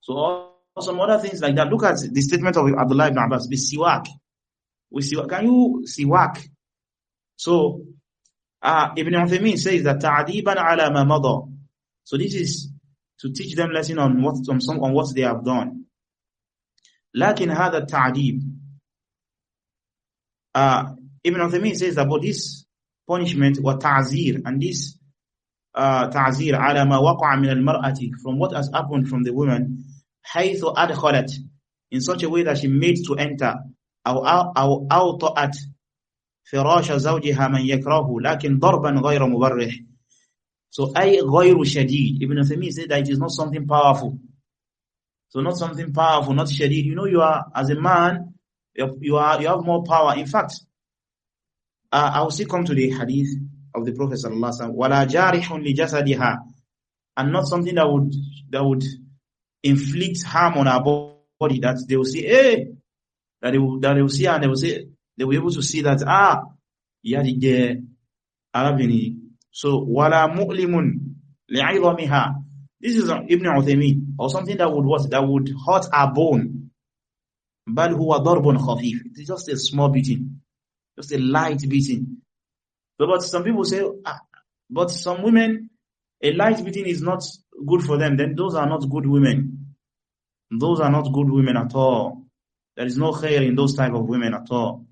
So, some other things like that. Look at the statement of Abdullah ibn Abbas, siwak we what Can you see siwak? So, uh, Ibn Uthaymeen says that ta'adiban ala ma mada. So this is to teach them lesson on what, on, some, on what they have done. Lakin hada ta'adib. Uh, Ibn Uthaymeen says that about this punishment wa ta'zir and this uh, ta'zir ala ma waqa'a min al-mar'ati from what has happened from the woman ad adkhalat in such a way that she made to enter أو, أو أوطأت فراش زوجها من يكرهه لكن ضربا غير مبرح so أي غير شديد Ibn Taymiyyah said that it is not something powerful so not something powerful not شديد you know you are as a man you, are, you have more power in fact uh, I will see come to the hadith of the Prophet صلى الله عليه وسلم ولا جارح لجسدها and not something that would that would inflict harm on our body that they will say hey that they will, that they will see and they will say, they will be able to see that, ah, ìyá ti jẹ So, wala mu'limun li'idhamiha. This is Ibn Uthaymeen or something that would what? That would hurt our bone. بَلْ هُوَ ضَرْبٌ خَفِيفٌ It's just a small beating. Just a light beating. But, but some people say, ah, but some women, a light beating is not good for them. Then those are not good women. Those are not good women at all. There is no khair in those type of women at all.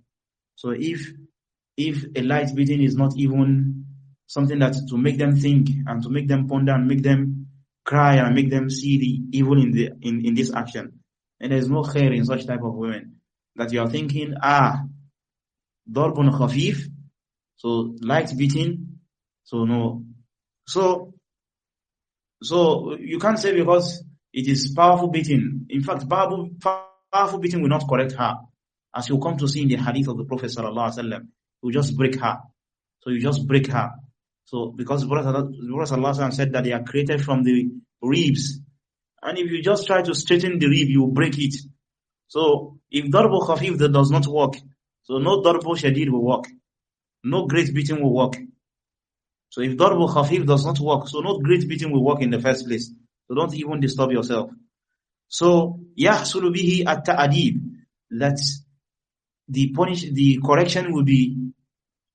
So if if a light beating is not even something that to make them think and to make them ponder and make them cry and make them see the evil in the in, in this action. And there is no khair in such type of women. That you are thinking, ah, darbun khafif, so light beating, so no. So, so you can't say because it is powerful beating. In fact, powerful, powerful Powerful beating will not correct her. As you'll come to see in the hadith of the Prophet sallallahu alaihi wasallam, you just break her. So you just break her. So because the Prophet said that they are created from the ribs. And if you just try to straighten the rib, you break it. So if darbu khafif that does not work, so no darbu shadid will work. No great beating will work. So if darbu khafif does not work, so no great beating will work in the first place. So don't even disturb yourself. So, يَحْصُلُ atta adib That the punish, the correction will be,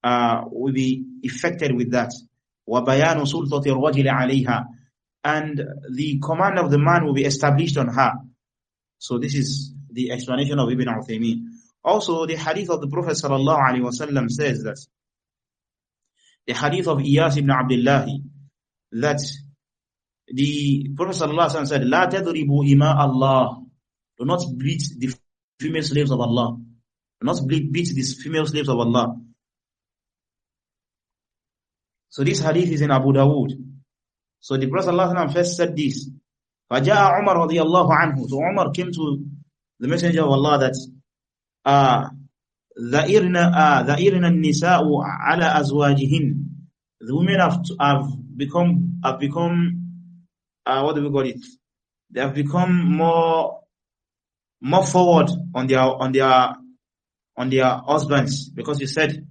uh, will be effected with that. وَبَيَانُ سُلْطَةِ الرَّجِلِ عَلَيْهَا And the command of the man will be established on her. So this is the explanation of Ibn Uthaymeen. Also, the hadith of the Prophet sallallahu alaihi wasallam says that the hadith of Iyas ibn Abdullah that the Prophet ﷺ said, La tadribu ima Allah. Do not beat the female slaves of Allah. Do not beat the female slaves of Allah. So this hadith is in Abu Dawood. So the Prophet ﷺ first said this. فَجَاءَ عُمَرْ رَضِيَ اللَّهُ عَنْهُ So Umar came to the messenger of Allah that uh, ذَئِرْنَا uh, النِّسَاءُ عَلَى أَزْوَاجِهِنَّ The women have, have become have become uh, what do we call it? They have become more more forward on their on their on their husbands because you said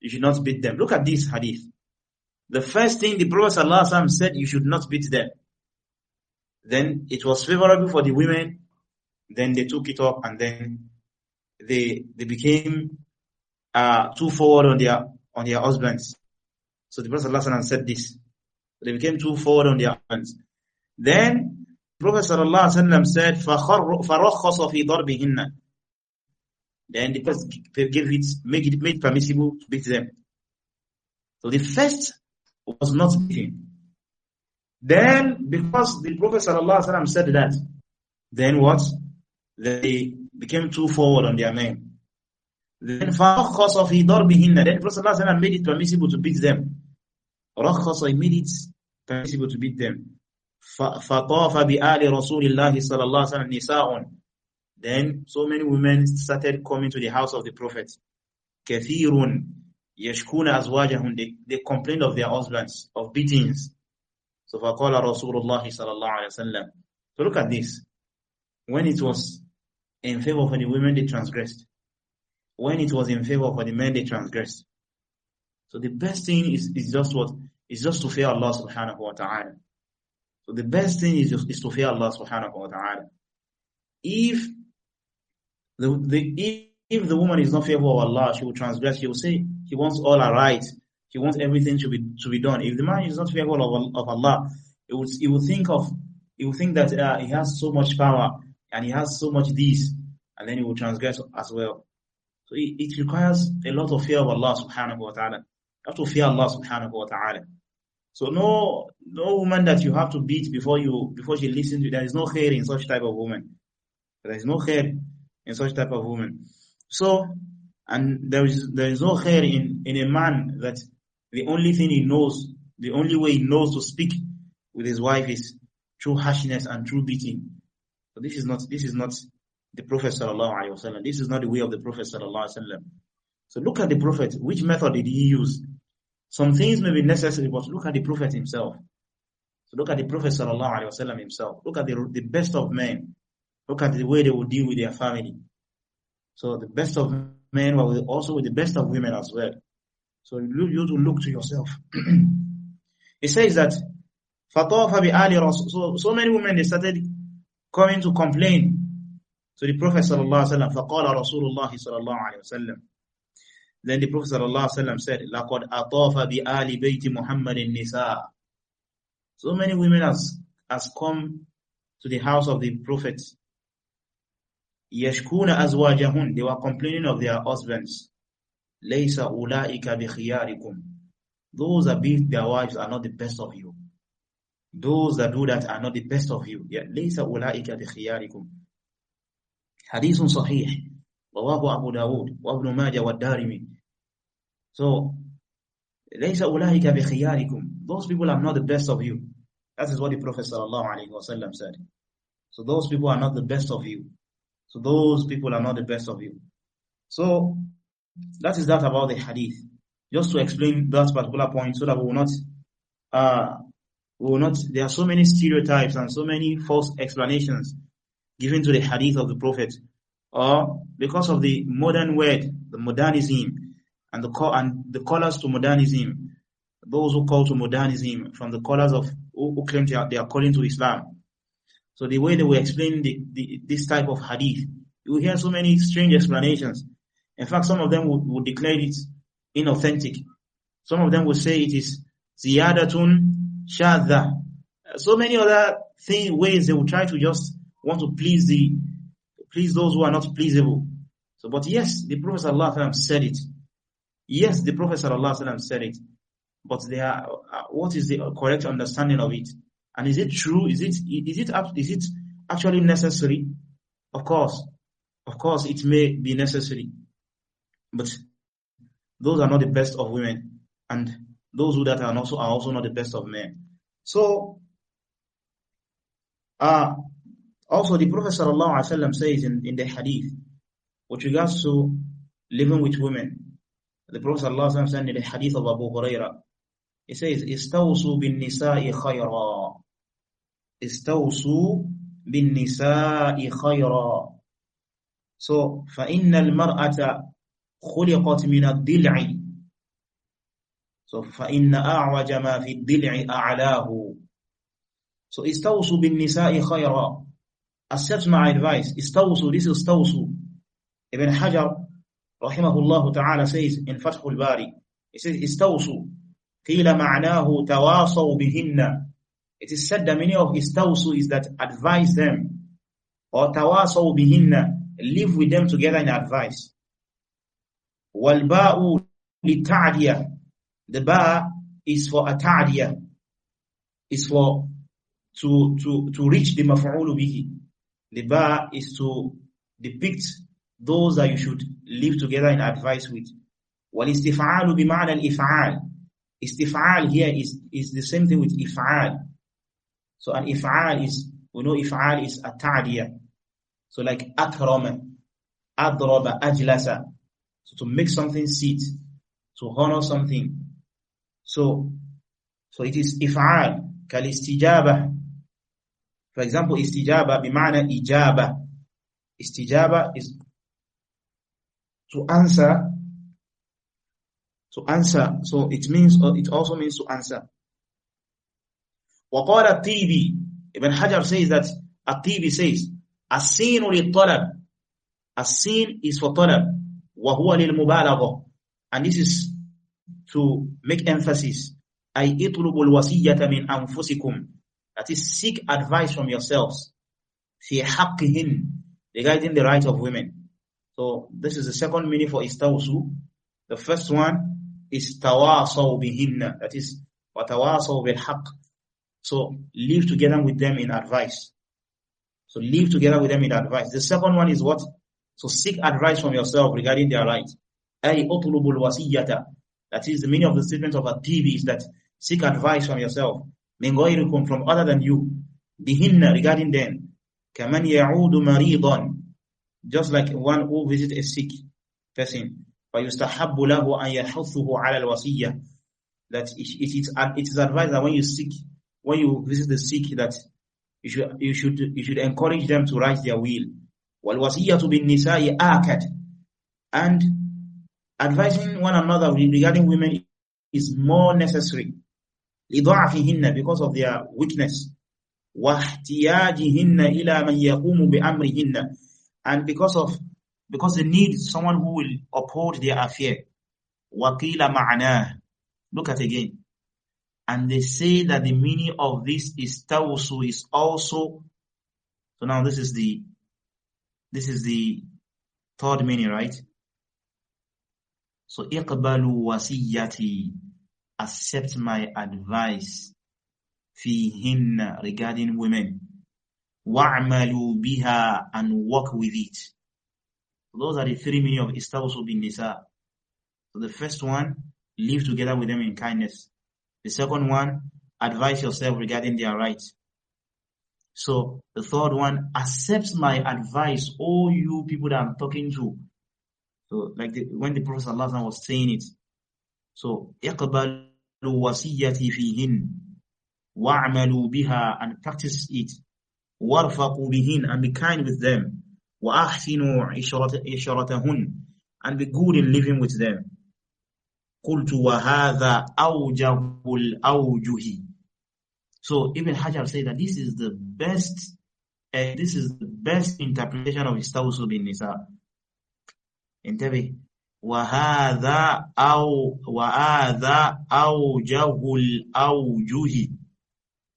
you should not beat them. Look at this hadith. The first thing the Prophet ﷺ said, you should not beat them. Then it was favorable for the women. Then they took it up and then they they became uh, too forward on their on their husbands. So the Prophet ﷺ said this. They became too forward on their husbands. Then Prophet ﷺ said, فَرَخَّصَ فِي ضَرْبِهِنَّ Then the Prophet gave it, made it, made permissible to beat them. So the first was not beaten. Then, because the Prophet ﷺ said that, then what? They became too forward on their men. Then فَرَخَّصَ فِي ضَرْبِهِنَّ Then the Prophet ﷺ made it permissible to beat them. رَخَّصَ, he made it permissible to beat them. فَطَافَ بِآلِ رَسُولِ اللَّهِ صَلَى اللَّهُ عَلَيْهِ نِسَاءٌ Then so many women started coming to the house of the Prophet. كَثِيرٌ يَشْكُونَ أَزْوَاجَهُمْ they, they complained of their husbands, of beatings. So فَقَالَ رَسُولُ اللَّهِ صَلَى اللَّهُ عَلَيْهِ وسلم. So look at this. When it was in favor for the women, they transgressed. When it was in favor for the men, they transgressed. So the best thing is, is just what? Is just to fear Allah subhanahu wa ta'ala the best thing is, is to fear Allah subhanahu wa ta'ala. If the, the if, if the woman is not fearful of Allah, she will transgress, she will say he wants all our rights, he wants everything to be to be done. If the man is not fearful of, of Allah, he will, he will think of he will think that uh, he has so much power and he has so much this, and then he will transgress as well. So it, it requires a lot of fear of Allah subhanahu wa ta'ala. You have to fear Allah subhanahu wa ta'ala. So no no woman that you have to beat before you before she listens to you. There is no hair in such type of woman. There is no hair in such type of woman. So and there is there is no hair in, in a man that the only thing he knows, the only way he knows to speak with his wife is through harshness and through beating. So this is not this is not the Prophet sallallahu alaihi wasallam. This is not the way of the Prophet sallallahu alaihi wasallam. So look at the Prophet. Which method did he use? Some things may be necessary, but look at the Prophet himself. So look at the Prophet sallallahu alaihi wasallam himself. Look at the, the best of men. Look at the way they would deal with their family. So the best of men were also with the best of women as well. So you, you to look to yourself. (clears throat) it says that Fatawafa bi Ali So, so many women, they started coming to complain to the Prophet sallallahu alaihi wasallam. فَقَالَ رَسُولُ اللَّهِ صَلَّى اللَّهُ عَلَيْهِ وَسَلَّمَ then the Prophet ﷺ said, atafa bi ali bayti muhammadin nisa." So many women has, has come to the house of the Prophet. يَشْكُونَ أَزْوَاجَهُنْ They were complaining of their husbands. لَيْسَ أُولَٰئِكَ بِخِيَارِكُمْ Those that beat their wives are not the best of you. Those that do that are not the best of you. لَيْسَ أُولَٰئِكَ بِخِيَارِكُمْ Hadithun sahih. Rawahu Abu Dawud wa Ibn Majah wa Darimi. So, Those people are not the best of you. That is what the Prophet said. So those people are not the best of you. So those people are not the best of you. So that is that about the hadith. Just to explain that particular point so that we will not, uh, we will not, there are so many stereotypes and so many false explanations given to the hadith of the Prophet. Or because of the modern word, the modernism, and the and the callers to modernism, those who call to modernism from the callers of who, who claim they are, they are calling to Islam. So the way they were explaining the, the, this type of hadith, you hear so many strange explanations. In fact, some of them would, would declare it inauthentic. Some of them would say it is ziyadatun shadha. So many other thing, ways they would try to just want to please the please those who are not pleasable. So, but yes, the Prophet said it. Yes, the Prophet ﷺ said it, but they are, uh, what is the correct understanding of it? And is it true? Is it, is it, is it actually necessary? Of course, of course it may be necessary, but those are not the best of women and those who that are also are also not the best of men. So, uh, also the Prophet sallallahu says in, in the hadith with regards to living with women The Prophet صلى الله عليه وسلم said in the hadith of Abu Huraira, he says, استوصوا بالنساء خيرا. استوصوا بالنساء خيرا. So, فإن المرأة خلقت من الضلع. So, فإن أعوج ما في الضلع أعلاه. So, استوصوا بالنساء خيرا. Accept my advice. استوصوا, this استوصوا. Ibn Hajar rahimahullah ta'ala says in Fathul Bari, he says, Istawsu, qila ma'nahu tawasaw bihinna. It is said the meaning of istawsu is that advise them, or tawasaw bihinna, live with them together in advice. Walba'u lita'diyah. The ba is for a ta'diyah, is for to, to, to reach the maf'ulu bihi. The ba is to depict those that you should live together in advice with. والاستفعال بمعنى الإفعال. Istif'al here is, is the same thing with إفعال. So an إفعال is, we know إفعال is a ta'diya. So like akrama, أضرب، ajlasa. So to make something sit, to honor something. So, so it is is إفعال. kal For example, istijaba bimana إجابة. Istijaba is to answer, to answer. So it means, uh, it also means to answer. وقال T. V. Ibn Hajar says that tv says a scene talab, a scene is for طلب lil للمبالغة and this is to make emphasis I اطلبوا الوصية من أنفسكم that is seek advice from yourselves في حقهن regarding the right of women so this is the second meaning for istawsu. The first one is tawasaw bihinna. That is watawasaw bilhaq. So live together with them in advice. So live together with them in advice. The second one is what? So seek advice from yourself regarding their rights. That is the meaning of the statement of a TV is that seek advice from yourself. Min from other than you. Bihinna regarding them. Kaman maridan just like one who visits a sick person. فَيُسْتَحَبُّ لَهُ أَنْ يَحُثُّهُ عَلَى الْوَصِيَّةِ That it, it, it, uh, it is advised that when you seek, when you visit the sick, that you should, you should, you should encourage them to write their will. وَالْوَصِيَّةُ بِالنِّسَاءِ آكَدْ And advising one another regarding women is more necessary. لِضَعْفِهِنَّ Because of their weakness. وَاحْتِيَاجِهِنَّ إِلَى مَنْ يَقُومُ بِأَمْرِهِنَّ and because of because they need someone who will uphold their affair. وَقِيلَ ma'ana. Look at again. And they say that the meaning of this is tawsu is also so now this is the this is the third meaning, right? So iqbalu wasiyati accept my advice fihinna regarding women وَعْمَلُوا بِهَا and work with it. So those are the three meaning of istawsu bin nisa. So the first one, live together with them in kindness. The second one, advise yourself regarding their rights. So the third one, accept my advice, all you people that I'm talking to. So like the, when the Prophet Allah was saying it. So اقبلوا wasiyati فيهن وَعْمَلُوا بِهَا and practice it. وَارْفَقُوا بِهِنْ And be kind with them. وَأَحْسِنُوا ishara'tahun And be good in living with them. قُلْتُ وَهَذَا أَوْجَهُ الْأَوْجُهِ So Ibn Hajar said that this is the best uh, this is the best interpretation of istawsu bin nisa. انتبه وهذا أو وهذا أوجه الأوجه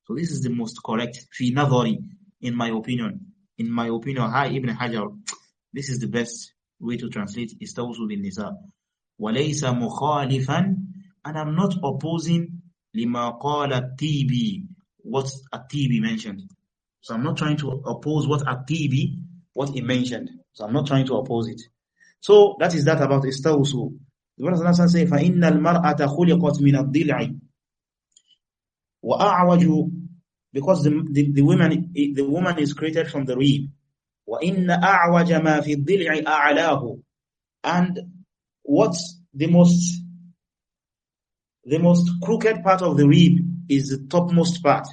So this is the most correct fi نظري in my opinion, in my opinion, Ha Ibn Hajar, this is the best way to translate Istawsu bin Nisa. وَلَيْسَ مُخَالِفًا And I'm not opposing لِمَا قَالَ التِّيبِ What Atibi mentioned. So I'm not trying to oppose what Atibi, what he mentioned. So I'm not trying to oppose it. So that is that about Istawsu. The Prophet says, فَإِنَّ الْمَرْأَةَ خُلِقَتْ مِنَ الضِّلْعِ وَأَعْوَجُ because the, the, the woman the woman is created from the rib. وَإِنَّ أَعْلَاهُ And what's the most the most crooked part of the rib is the topmost part.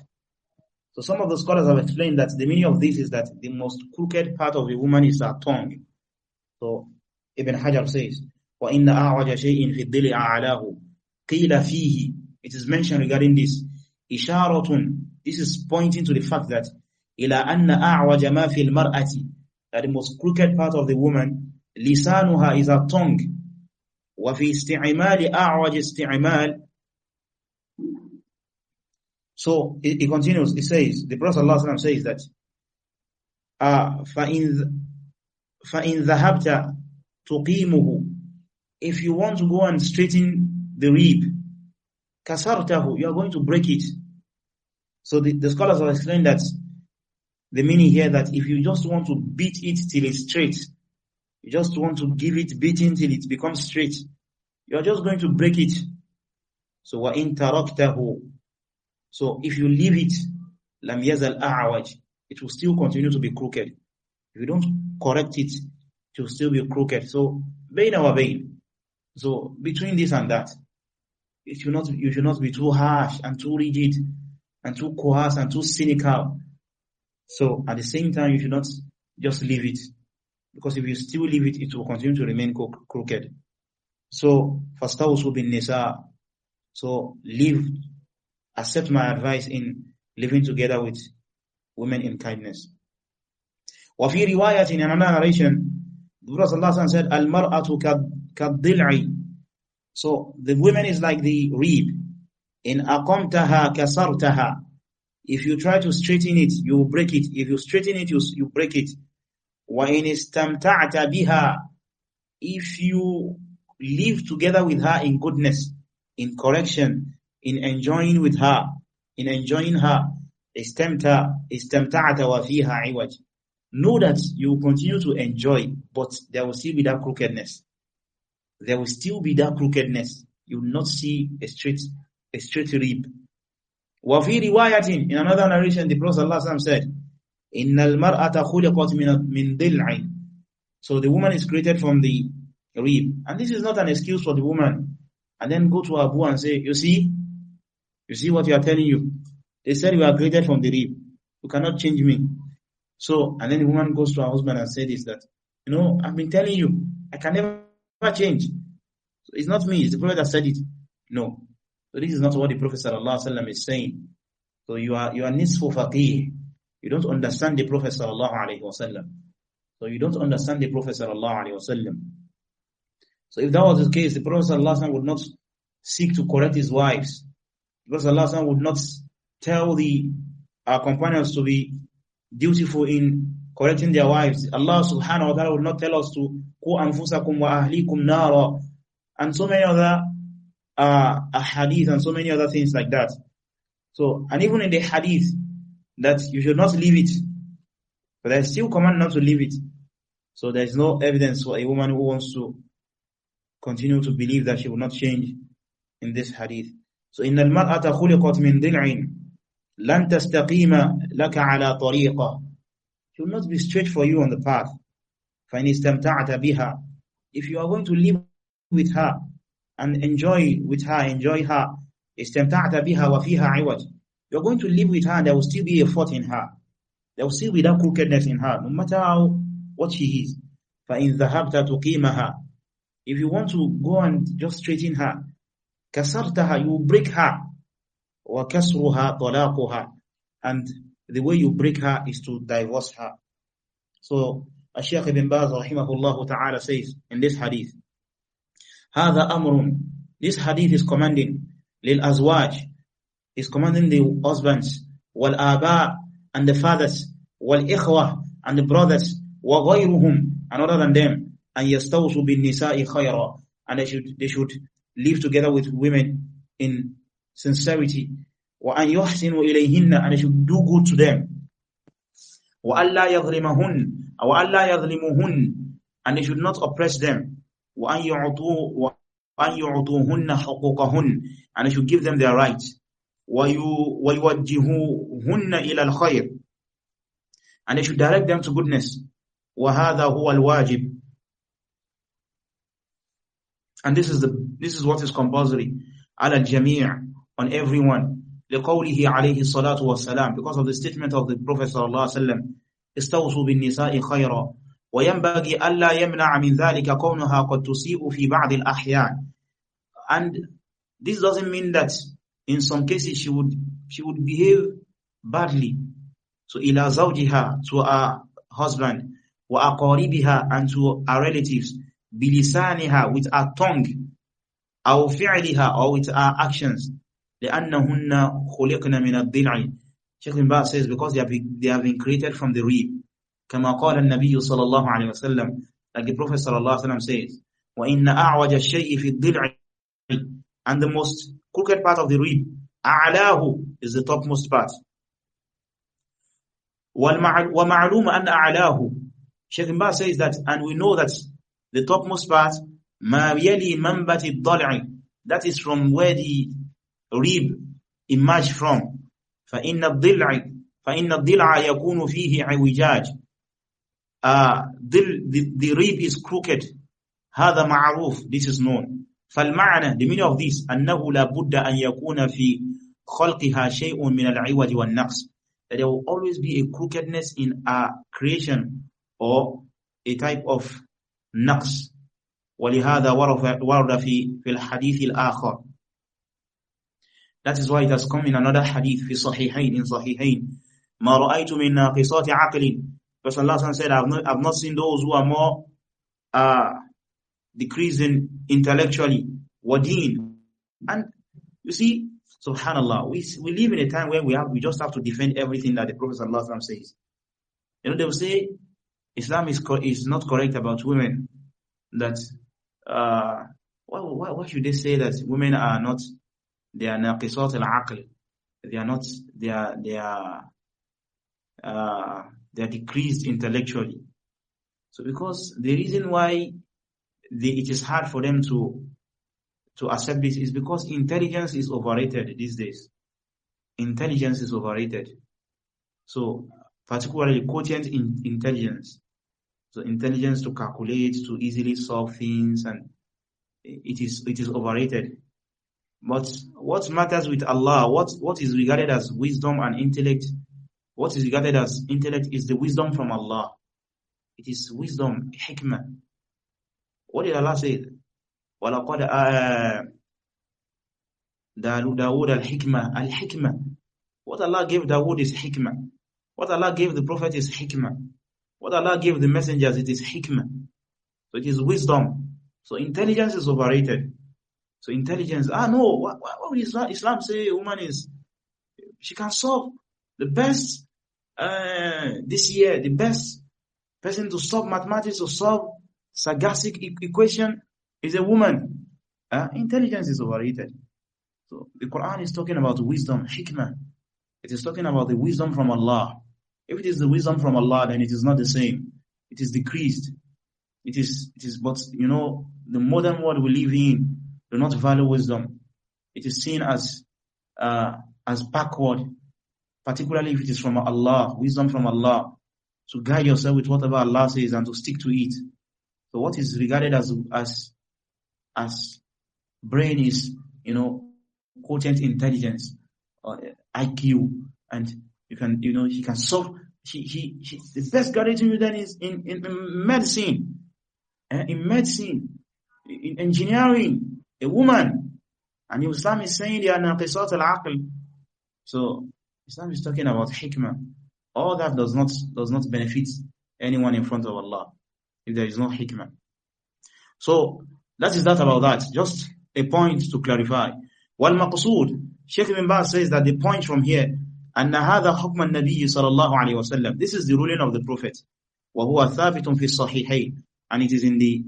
So some of the scholars have explained that the meaning of this is that the most crooked part of a woman is her tongue. So Ibn Hajar says, وَإِنَّ أَعْوَجَ شَيْءٍ فِي أَعْلَاهُ قِيلَ فِيهِ It is mentioned regarding this, إِشَارَةٌ this is pointing to the fact that ila anna أَعْوَجَ مَا فِي marati That the most crooked part of the woman, lisanuha is her tongue. wa fi اسْتِعْمَالِ a'waj اسْتِعْمَالِ So he, continues, he says, the Prophet ﷺ says that ah uh, fa in ذَهَبْتَ tuqimuhu If you want to go and straighten the rib, كَسَرْتَهُ You are going to break it. So the, the scholars are explaining that the meaning here that if you just want to beat it till it's straight, you just want to give it beating till it becomes straight, you're just going to break it. So wa interruptahu. So if you leave it, lam yazal a'waj, it will still continue to be crooked. If you don't correct it, it will still be crooked. So bain our bain. So between this and that, it should not you should not be too harsh and too rigid and too coarse and too cynical. So at the same time, you should not just leave it. Because if you still leave it, it will continue to remain crooked. So, also bin nisa. So leave, accept my advice in living together with women in kindness. وفي رواية in another narration, the Prophet said, "Al-mar'atu kad So the woman is like the reed. In akomtaha kasartaha. If you try to straighten it, you break it. If you straighten it, you, you break it. Wa in istamta'ta biha. If you live together with her in goodness, in correction, in enjoying with her, in enjoying her, istamta, istamta'ta wa fiha iwaj. Know that you will continue to enjoy, but there will still be that crookedness. There will still be that crookedness. You will not see a straight Straight to وفي رواية in another narration the Prophet ﷺ said إن المرأة خلقت من من ضلع so the woman is created from the rib and this is not an excuse for the woman and then go to Abu and say you see you see what we are telling you they said you are created from the rib you cannot change me so and then the woman goes to her husband and says this that you know I've been telling you I can never change so it's not me it's the Prophet that said it no so this is not what the Prophet sallallahu is saying. So you are you are nisfu faqih. You don't understand the Prophet sallallahu alaihi wasallam. So you don't understand the Prophet sallallahu alaihi wasallam. So if that was the case, the Prophet sallallahu would not seek to correct his wives. The Prophet sallallahu would not tell the our companions to be dutiful in correcting their wives. Allah subhanahu wa taala would not tell us to ku anfusakum wa ahlikum nara and so many other uh, a hadith and so many other things like that. So, and even in the hadith, that you should not leave it. But there's still command not to leave it. So there's no evidence for a woman who wants to continue to believe that she will not change in this hadith. So, إِنَّ الْمَرْأَةَ خُلِقَتْ مِنْ ضِلْعٍ لَنْ تَسْتَقِيمَ لَكَ عَلَى طَرِيقًا She will not be straight for you on the path. فَإِنِ اسْتَمْتَعْتَ بِهَا If you are going to live with her, and enjoy with her, enjoy her. استمتعت بها وفيها عوج. You're going to live with her, there will still be a fault in her. There will still be that crookedness in her, no matter how what she is. فَإِنْ ذَهَبْتَ تُقِيمَهَا If you want to go and just straighten her, كَسَرْتَهَا You will break her. وَكَسْرُهَا طَلَاقُهَا And the way you break her is to divorce her. So, Shaykh ibn Baz rahimahullah ta'ala says in this hadith, هذا أمر This hadith is commanding lil azwaj, is commanding the husbands والآباء and the fathers والإخوة and the brothers وغيرهم and other than them and يستوصوا بالنساء خيرا and they should, they should live together with women in sincerity وأن يحسنوا إليهن and they should do good to them وأن لا يظلمهن وأن لا يظلمهن and they should not oppress them وأن يعطوه وأن يعطوهن حقوقهن and I should give them their rights ويوجهوهن إلى الخير and I should direct them to goodness وهذا هو الواجب and this is the this is what is compulsory على الجميع on everyone لقوله عليه الصلاة والسلام because of the statement of the Prophet صلى الله عليه وسلم استوصوا بالنساء خيرا وينبغي ألا يمنع من ذلك كونها قد تصيب في بعض الأحيان and this doesn't mean that in some cases she would she would behave badly to إِلَى زَوْجِهَا to her husband وَأَقَارِبِهَا and to her relatives بِلِسَانِهَا with her tongue أو فعلها or with her actions لأنهن خلقن من الضلع Sheikh Ibn says because they have, been, they have been created from the rib كما قال النبي صلى الله عليه وسلم like the Prophet صلى الله عليه وسلم says وَإِنَّ أَعْوَجَ الشَّيْءِ فِي الضِّلْعِ and the most crooked part of the rib أَعْلَاهُ is the topmost part وَمَعْلُومَ أَنَّ أَعْلَاهُ Sheikh Mba says that and we know that the topmost part مَا يَلِي منبت الضَّلْعِ that is from where the rib emerged from فَإِنَّ الضِّلْعِ فَإِنَّ الضِّلْعَ يَكُونُ فِيهِ عِوِجَاجِ Uh, the, the, rib is crooked. هذا معروف. This is known. فالمعنى, the meaning of this, أنه لا بد أن يكون في خلقها شيء من العوج والنقص. That there will always be a crookedness in a creation or a type of نقص. ولهذا ورد في في الحديث الآخر. That is why it has come in another hadith في صحيحين in صحيحين. ما رأيت من ناقصات عقل because Allah said, I've not, I've not seen those who are more uh, decreasing intellectually, wadeen. And you see, subhanAllah, we, we live in a time where we have we just have to defend everything that the Prophet ﷺ says. You know, they will say Islam is is not correct about women. That uh, why, why, why should they say that women are not they are naqisat al-aql? They are not they are they are uh, they are decreased intellectually. So because the reason why it is hard for them to to accept this is because intelligence is overrated these days. Intelligence is overrated. So particularly quotient in intelligence. So intelligence to calculate, to easily solve things and it is it is overrated. But what matters with Allah, what what is regarded as wisdom and intellect what is regarded as intellect is the wisdom from Allah. It is wisdom, hikmah. What did Allah say? وَلَقَدْ آه uh, داود الحكمة الحكمة What Allah gave Dawood is hikmah. What Allah gave the Prophet is hikmah. What Allah gave the messengers, it is hikmah. So it is wisdom. So intelligence is overrated. So intelligence, ah no, what, what, what Islam, Islam say woman is, she can solve. The best uh, this year, the best person to solve mathematics or solve sarcastic equation is a woman. Uh, intelligence is overrated. So the Quran is talking about wisdom, hikmah. It is talking about the wisdom from Allah. If it is the wisdom from Allah, then it is not the same. It is decreased. It is, it is, but you know, the modern world we live in do not value wisdom. It is seen as, uh, as backward particularly if it is from Allah, wisdom from Allah. to guide yourself with whatever Allah says and to stick to it. So what is regarded as as as brain is, you know, quotient intelligence, IQ, and you can, you know, he can solve. He he, he the best guiding you then is in in, in medicine, uh, in medicine, in engineering, a woman, and Islam is saying they are naqisat al-aql. So Islam is talking about hikmah. All that does not does not benefit anyone in front of Allah if there is no hikmah. So that is that about that. Just a point to clarify. Wal maqsood, Sheikh Ibn Baz says that the point from here, أن هذا حكم النبي صلى الله عليه وسلم. This is the ruling of the Prophet. وهو ثابت في الصحيحين. And it is in the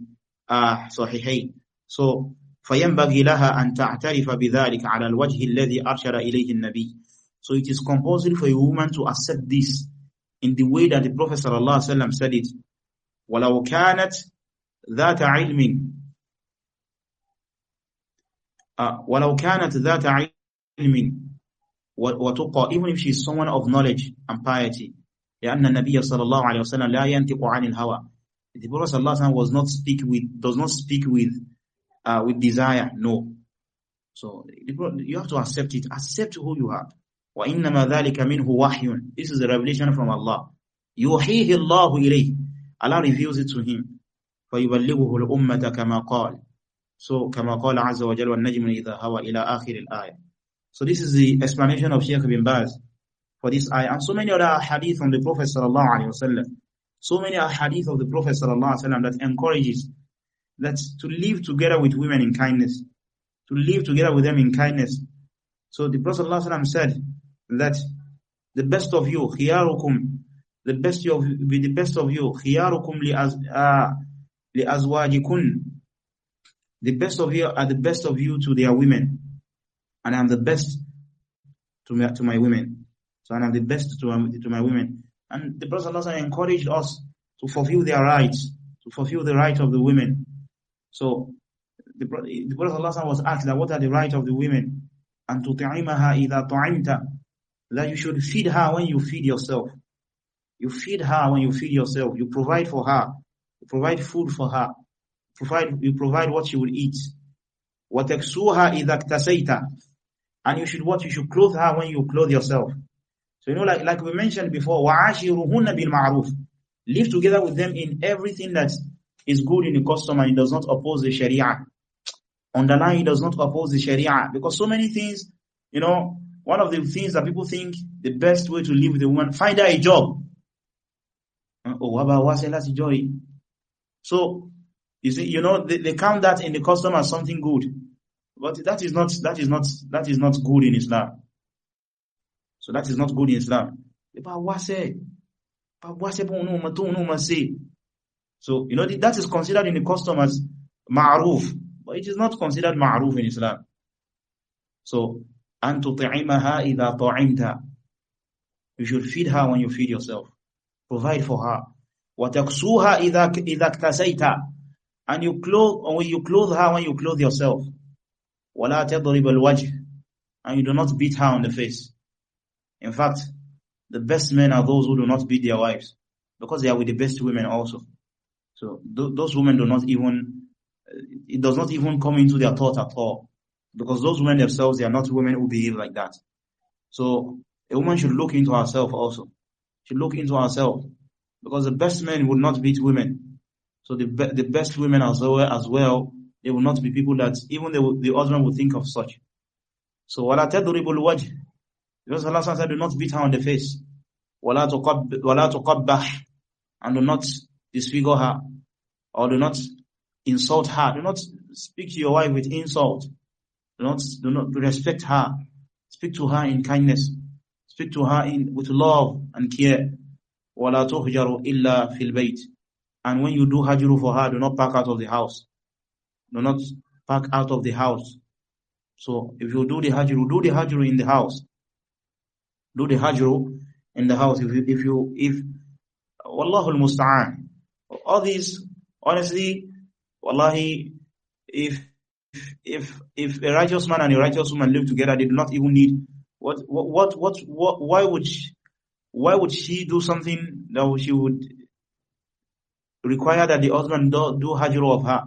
uh, ah, صحيحين. So فينبغي لها أن تعترف بذلك على الوجه الذي أرشد إليه النبي so it is compulsory for a woman to accept this in the way that the Prophet ﷺ said it. وَلَوْ كَانَتْ ذَاتَ عِلْمٍ uh, وَلَوْ كَانَتْ ذَاتَ عِلْمٍ وَتُقَى Even if she is someone of knowledge and piety. لأن النبي صلى الله عليه وسلم لا ينطق عن الهوى. The Prophet ﷺ was not speak with, does not speak with, uh, with desire, no. So you have to accept it. Accept who you are. وَإِنَّمَا ذَلِكَ مِنْهُ وَحْيٌ This is a revelation from Allah. يُوحِيهِ اللَّهُ إِلَيْهِ Allah reveals it to him. فَيُبَلِّغُهُ الْأُمَّةَ كَمَا قَالَ So, كَمَا قَالَ عَزَّ وَجَلْ وَالنَّجْمُ إِذَا هَوَى إِلَى آخِرِ الْآيَةِ So this is the explanation of Sheikh Ibn Baz for this ayah and so many other hadith from the Prophet sallallahu alaihi wasallam. So many hadith of the Prophet sallallahu alaihi wasallam that encourages that to live together with women in kindness, to live together with them in kindness. So the Prophet sallallahu alaihi wasallam said, that the best of you, khiyarukum, the best of the best of you, khiyarukum li az uh, li azwajikun. The best of you are the best of you to their women, and I'm the best to my, to my women. So and I'm the best to my, um, to my women. And the Prophet ﷺ encouraged us to fulfill their rights, to fulfill the right of the women. So the, the Prophet ﷺ was asked that what are the rights of the women? And to ta'imaha idha ta'imta that you should feed her when you feed yourself. You feed her when you feed yourself. You provide for her. You provide food for her. Provide, you provide what she will eat. And you should what? You should clothe her when you clothe yourself. So you know, like, like we mentioned before, وَعَاشِرُهُنَّ بِالْمَعْرُوفِ Live together with them in everything that is good in the custom and it does not oppose the Sharia. Underline, it does not oppose the Sharia. Because so many things, you know, one of the things that people think the best way to live with a woman, find her a job. Oh, what about what's joy? So, you see, you know, they, they count that in the custom as something good. But that is not, that is not, that is not good in Islam. So that is not good in Islam. So, you know, that is considered in the custom as ma'ruf. But it is not considered ma'ruf in Islam. So, أن تطعمها إذا طعمت You should feed her when you feed yourself. Provide for her. وتكسوها إذا إذا اكتسيت And you clothe, when you clothe her when you clothe yourself. ولا تضرب الوجه And you do not beat her on the face. In fact, the best men are those who do not beat their wives because they are with the best women also. So th those women do not even, it does not even come into their thought at all because those women themselves, they are not women who behave like that. So a woman should look into herself also. Should look into herself. Because the best men would not beat women. So the, be the best women as well, as well, they will not be people that even the, the husband would think of such. So وَلَا تَدْرِبُ الْوَجْهِ Because Allah said, do not beat her on the face. وَلَا تُقَبَّحْ And do not disfigure her. Or do not insult her. Do not speak to your wife with insult. Do not, do not respect her. Speak to her in kindness. Speak to her in, with love and care. وَلَا تُهْجَرُ إِلَّا فِي الْبَيْتِ And when you do hajru for her, do not park out of the house. Do not park out of the house. So if you do the hajru, do the hajru in the house. Do the hajru in the house. If you, if you, if, Wallahu al-musta'an. All these, honestly, wallahi, if if if a righteous man and a righteous woman live together, they do not even need what what what what, why would she, why would she do something that she would require that the husband do, do hajru of her?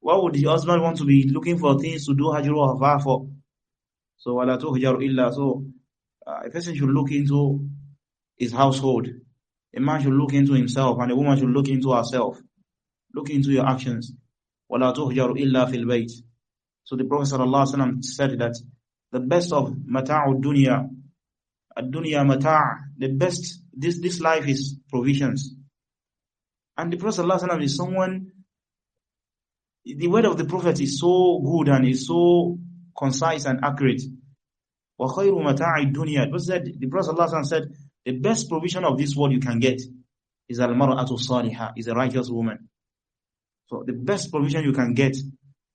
Why would the husband want to be looking for things to do hajru of her for? So wala tuhjaru illa. So uh, a person should look into his household. A man should look into himself, and a woman should look into herself. Look into your actions. ولا تهجر إلا في البيت so the Prophet ﷺ said that the best of mata'u dunya, ad-dunya mata' the best, this, this life is provisions. And the Prophet ﷺ is someone, the word of the Prophet is so good and is so concise and accurate. وَخَيْرُ مَتَاعِ الدُّنْيَا It said, the Prophet ﷺ said, the best provision of this world you can get is al-mar'atu salihah, is a righteous woman. So the best provision you can get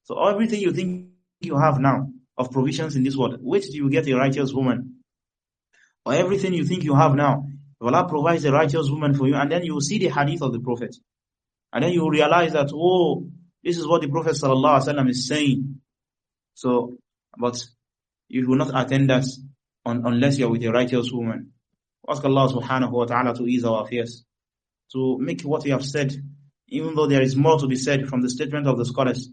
so everything you think you have now of provisions in this world, which do you get a righteous woman? Or everything you think you have now, Allah provides a righteous woman for you, and then you will see the hadith of the Prophet. And then you will realize that, oh, this is what the Prophet ﷺ is saying. So, but you will not attend us unless you are with a righteous woman. Ask Allah subhanahu wa ta'ala to ease our fears, to make what we have said, even though there is more to be said from the statement of the scholars,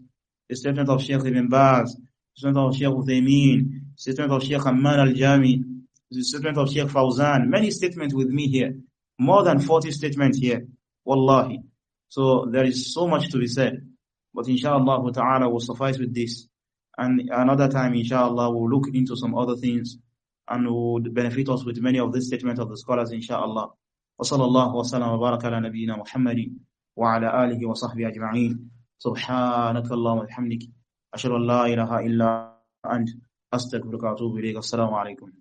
the statement of Sheikh Ibn Baz, the statement of Sheikh Uthaymeen, the statement of Sheikh al-Jami, the statement of Sheikh Fawzan, many statements with me here, more than 40 statements here, wallahi. So there is so much to be said, but inshallah ta'ala will suffice with this. And another time, inshallah, we'll look into some other things and would benefit us with many of these statements of the scholars, inshallah. وصلى الله وسلم وبارك على نبينا محمد وعلى آله وصحبه أجمعين سبحانك اللهم وبحمدك أشهد أن لا إله إلا أنت أستغفرك وأتوب إليك السلام عليكم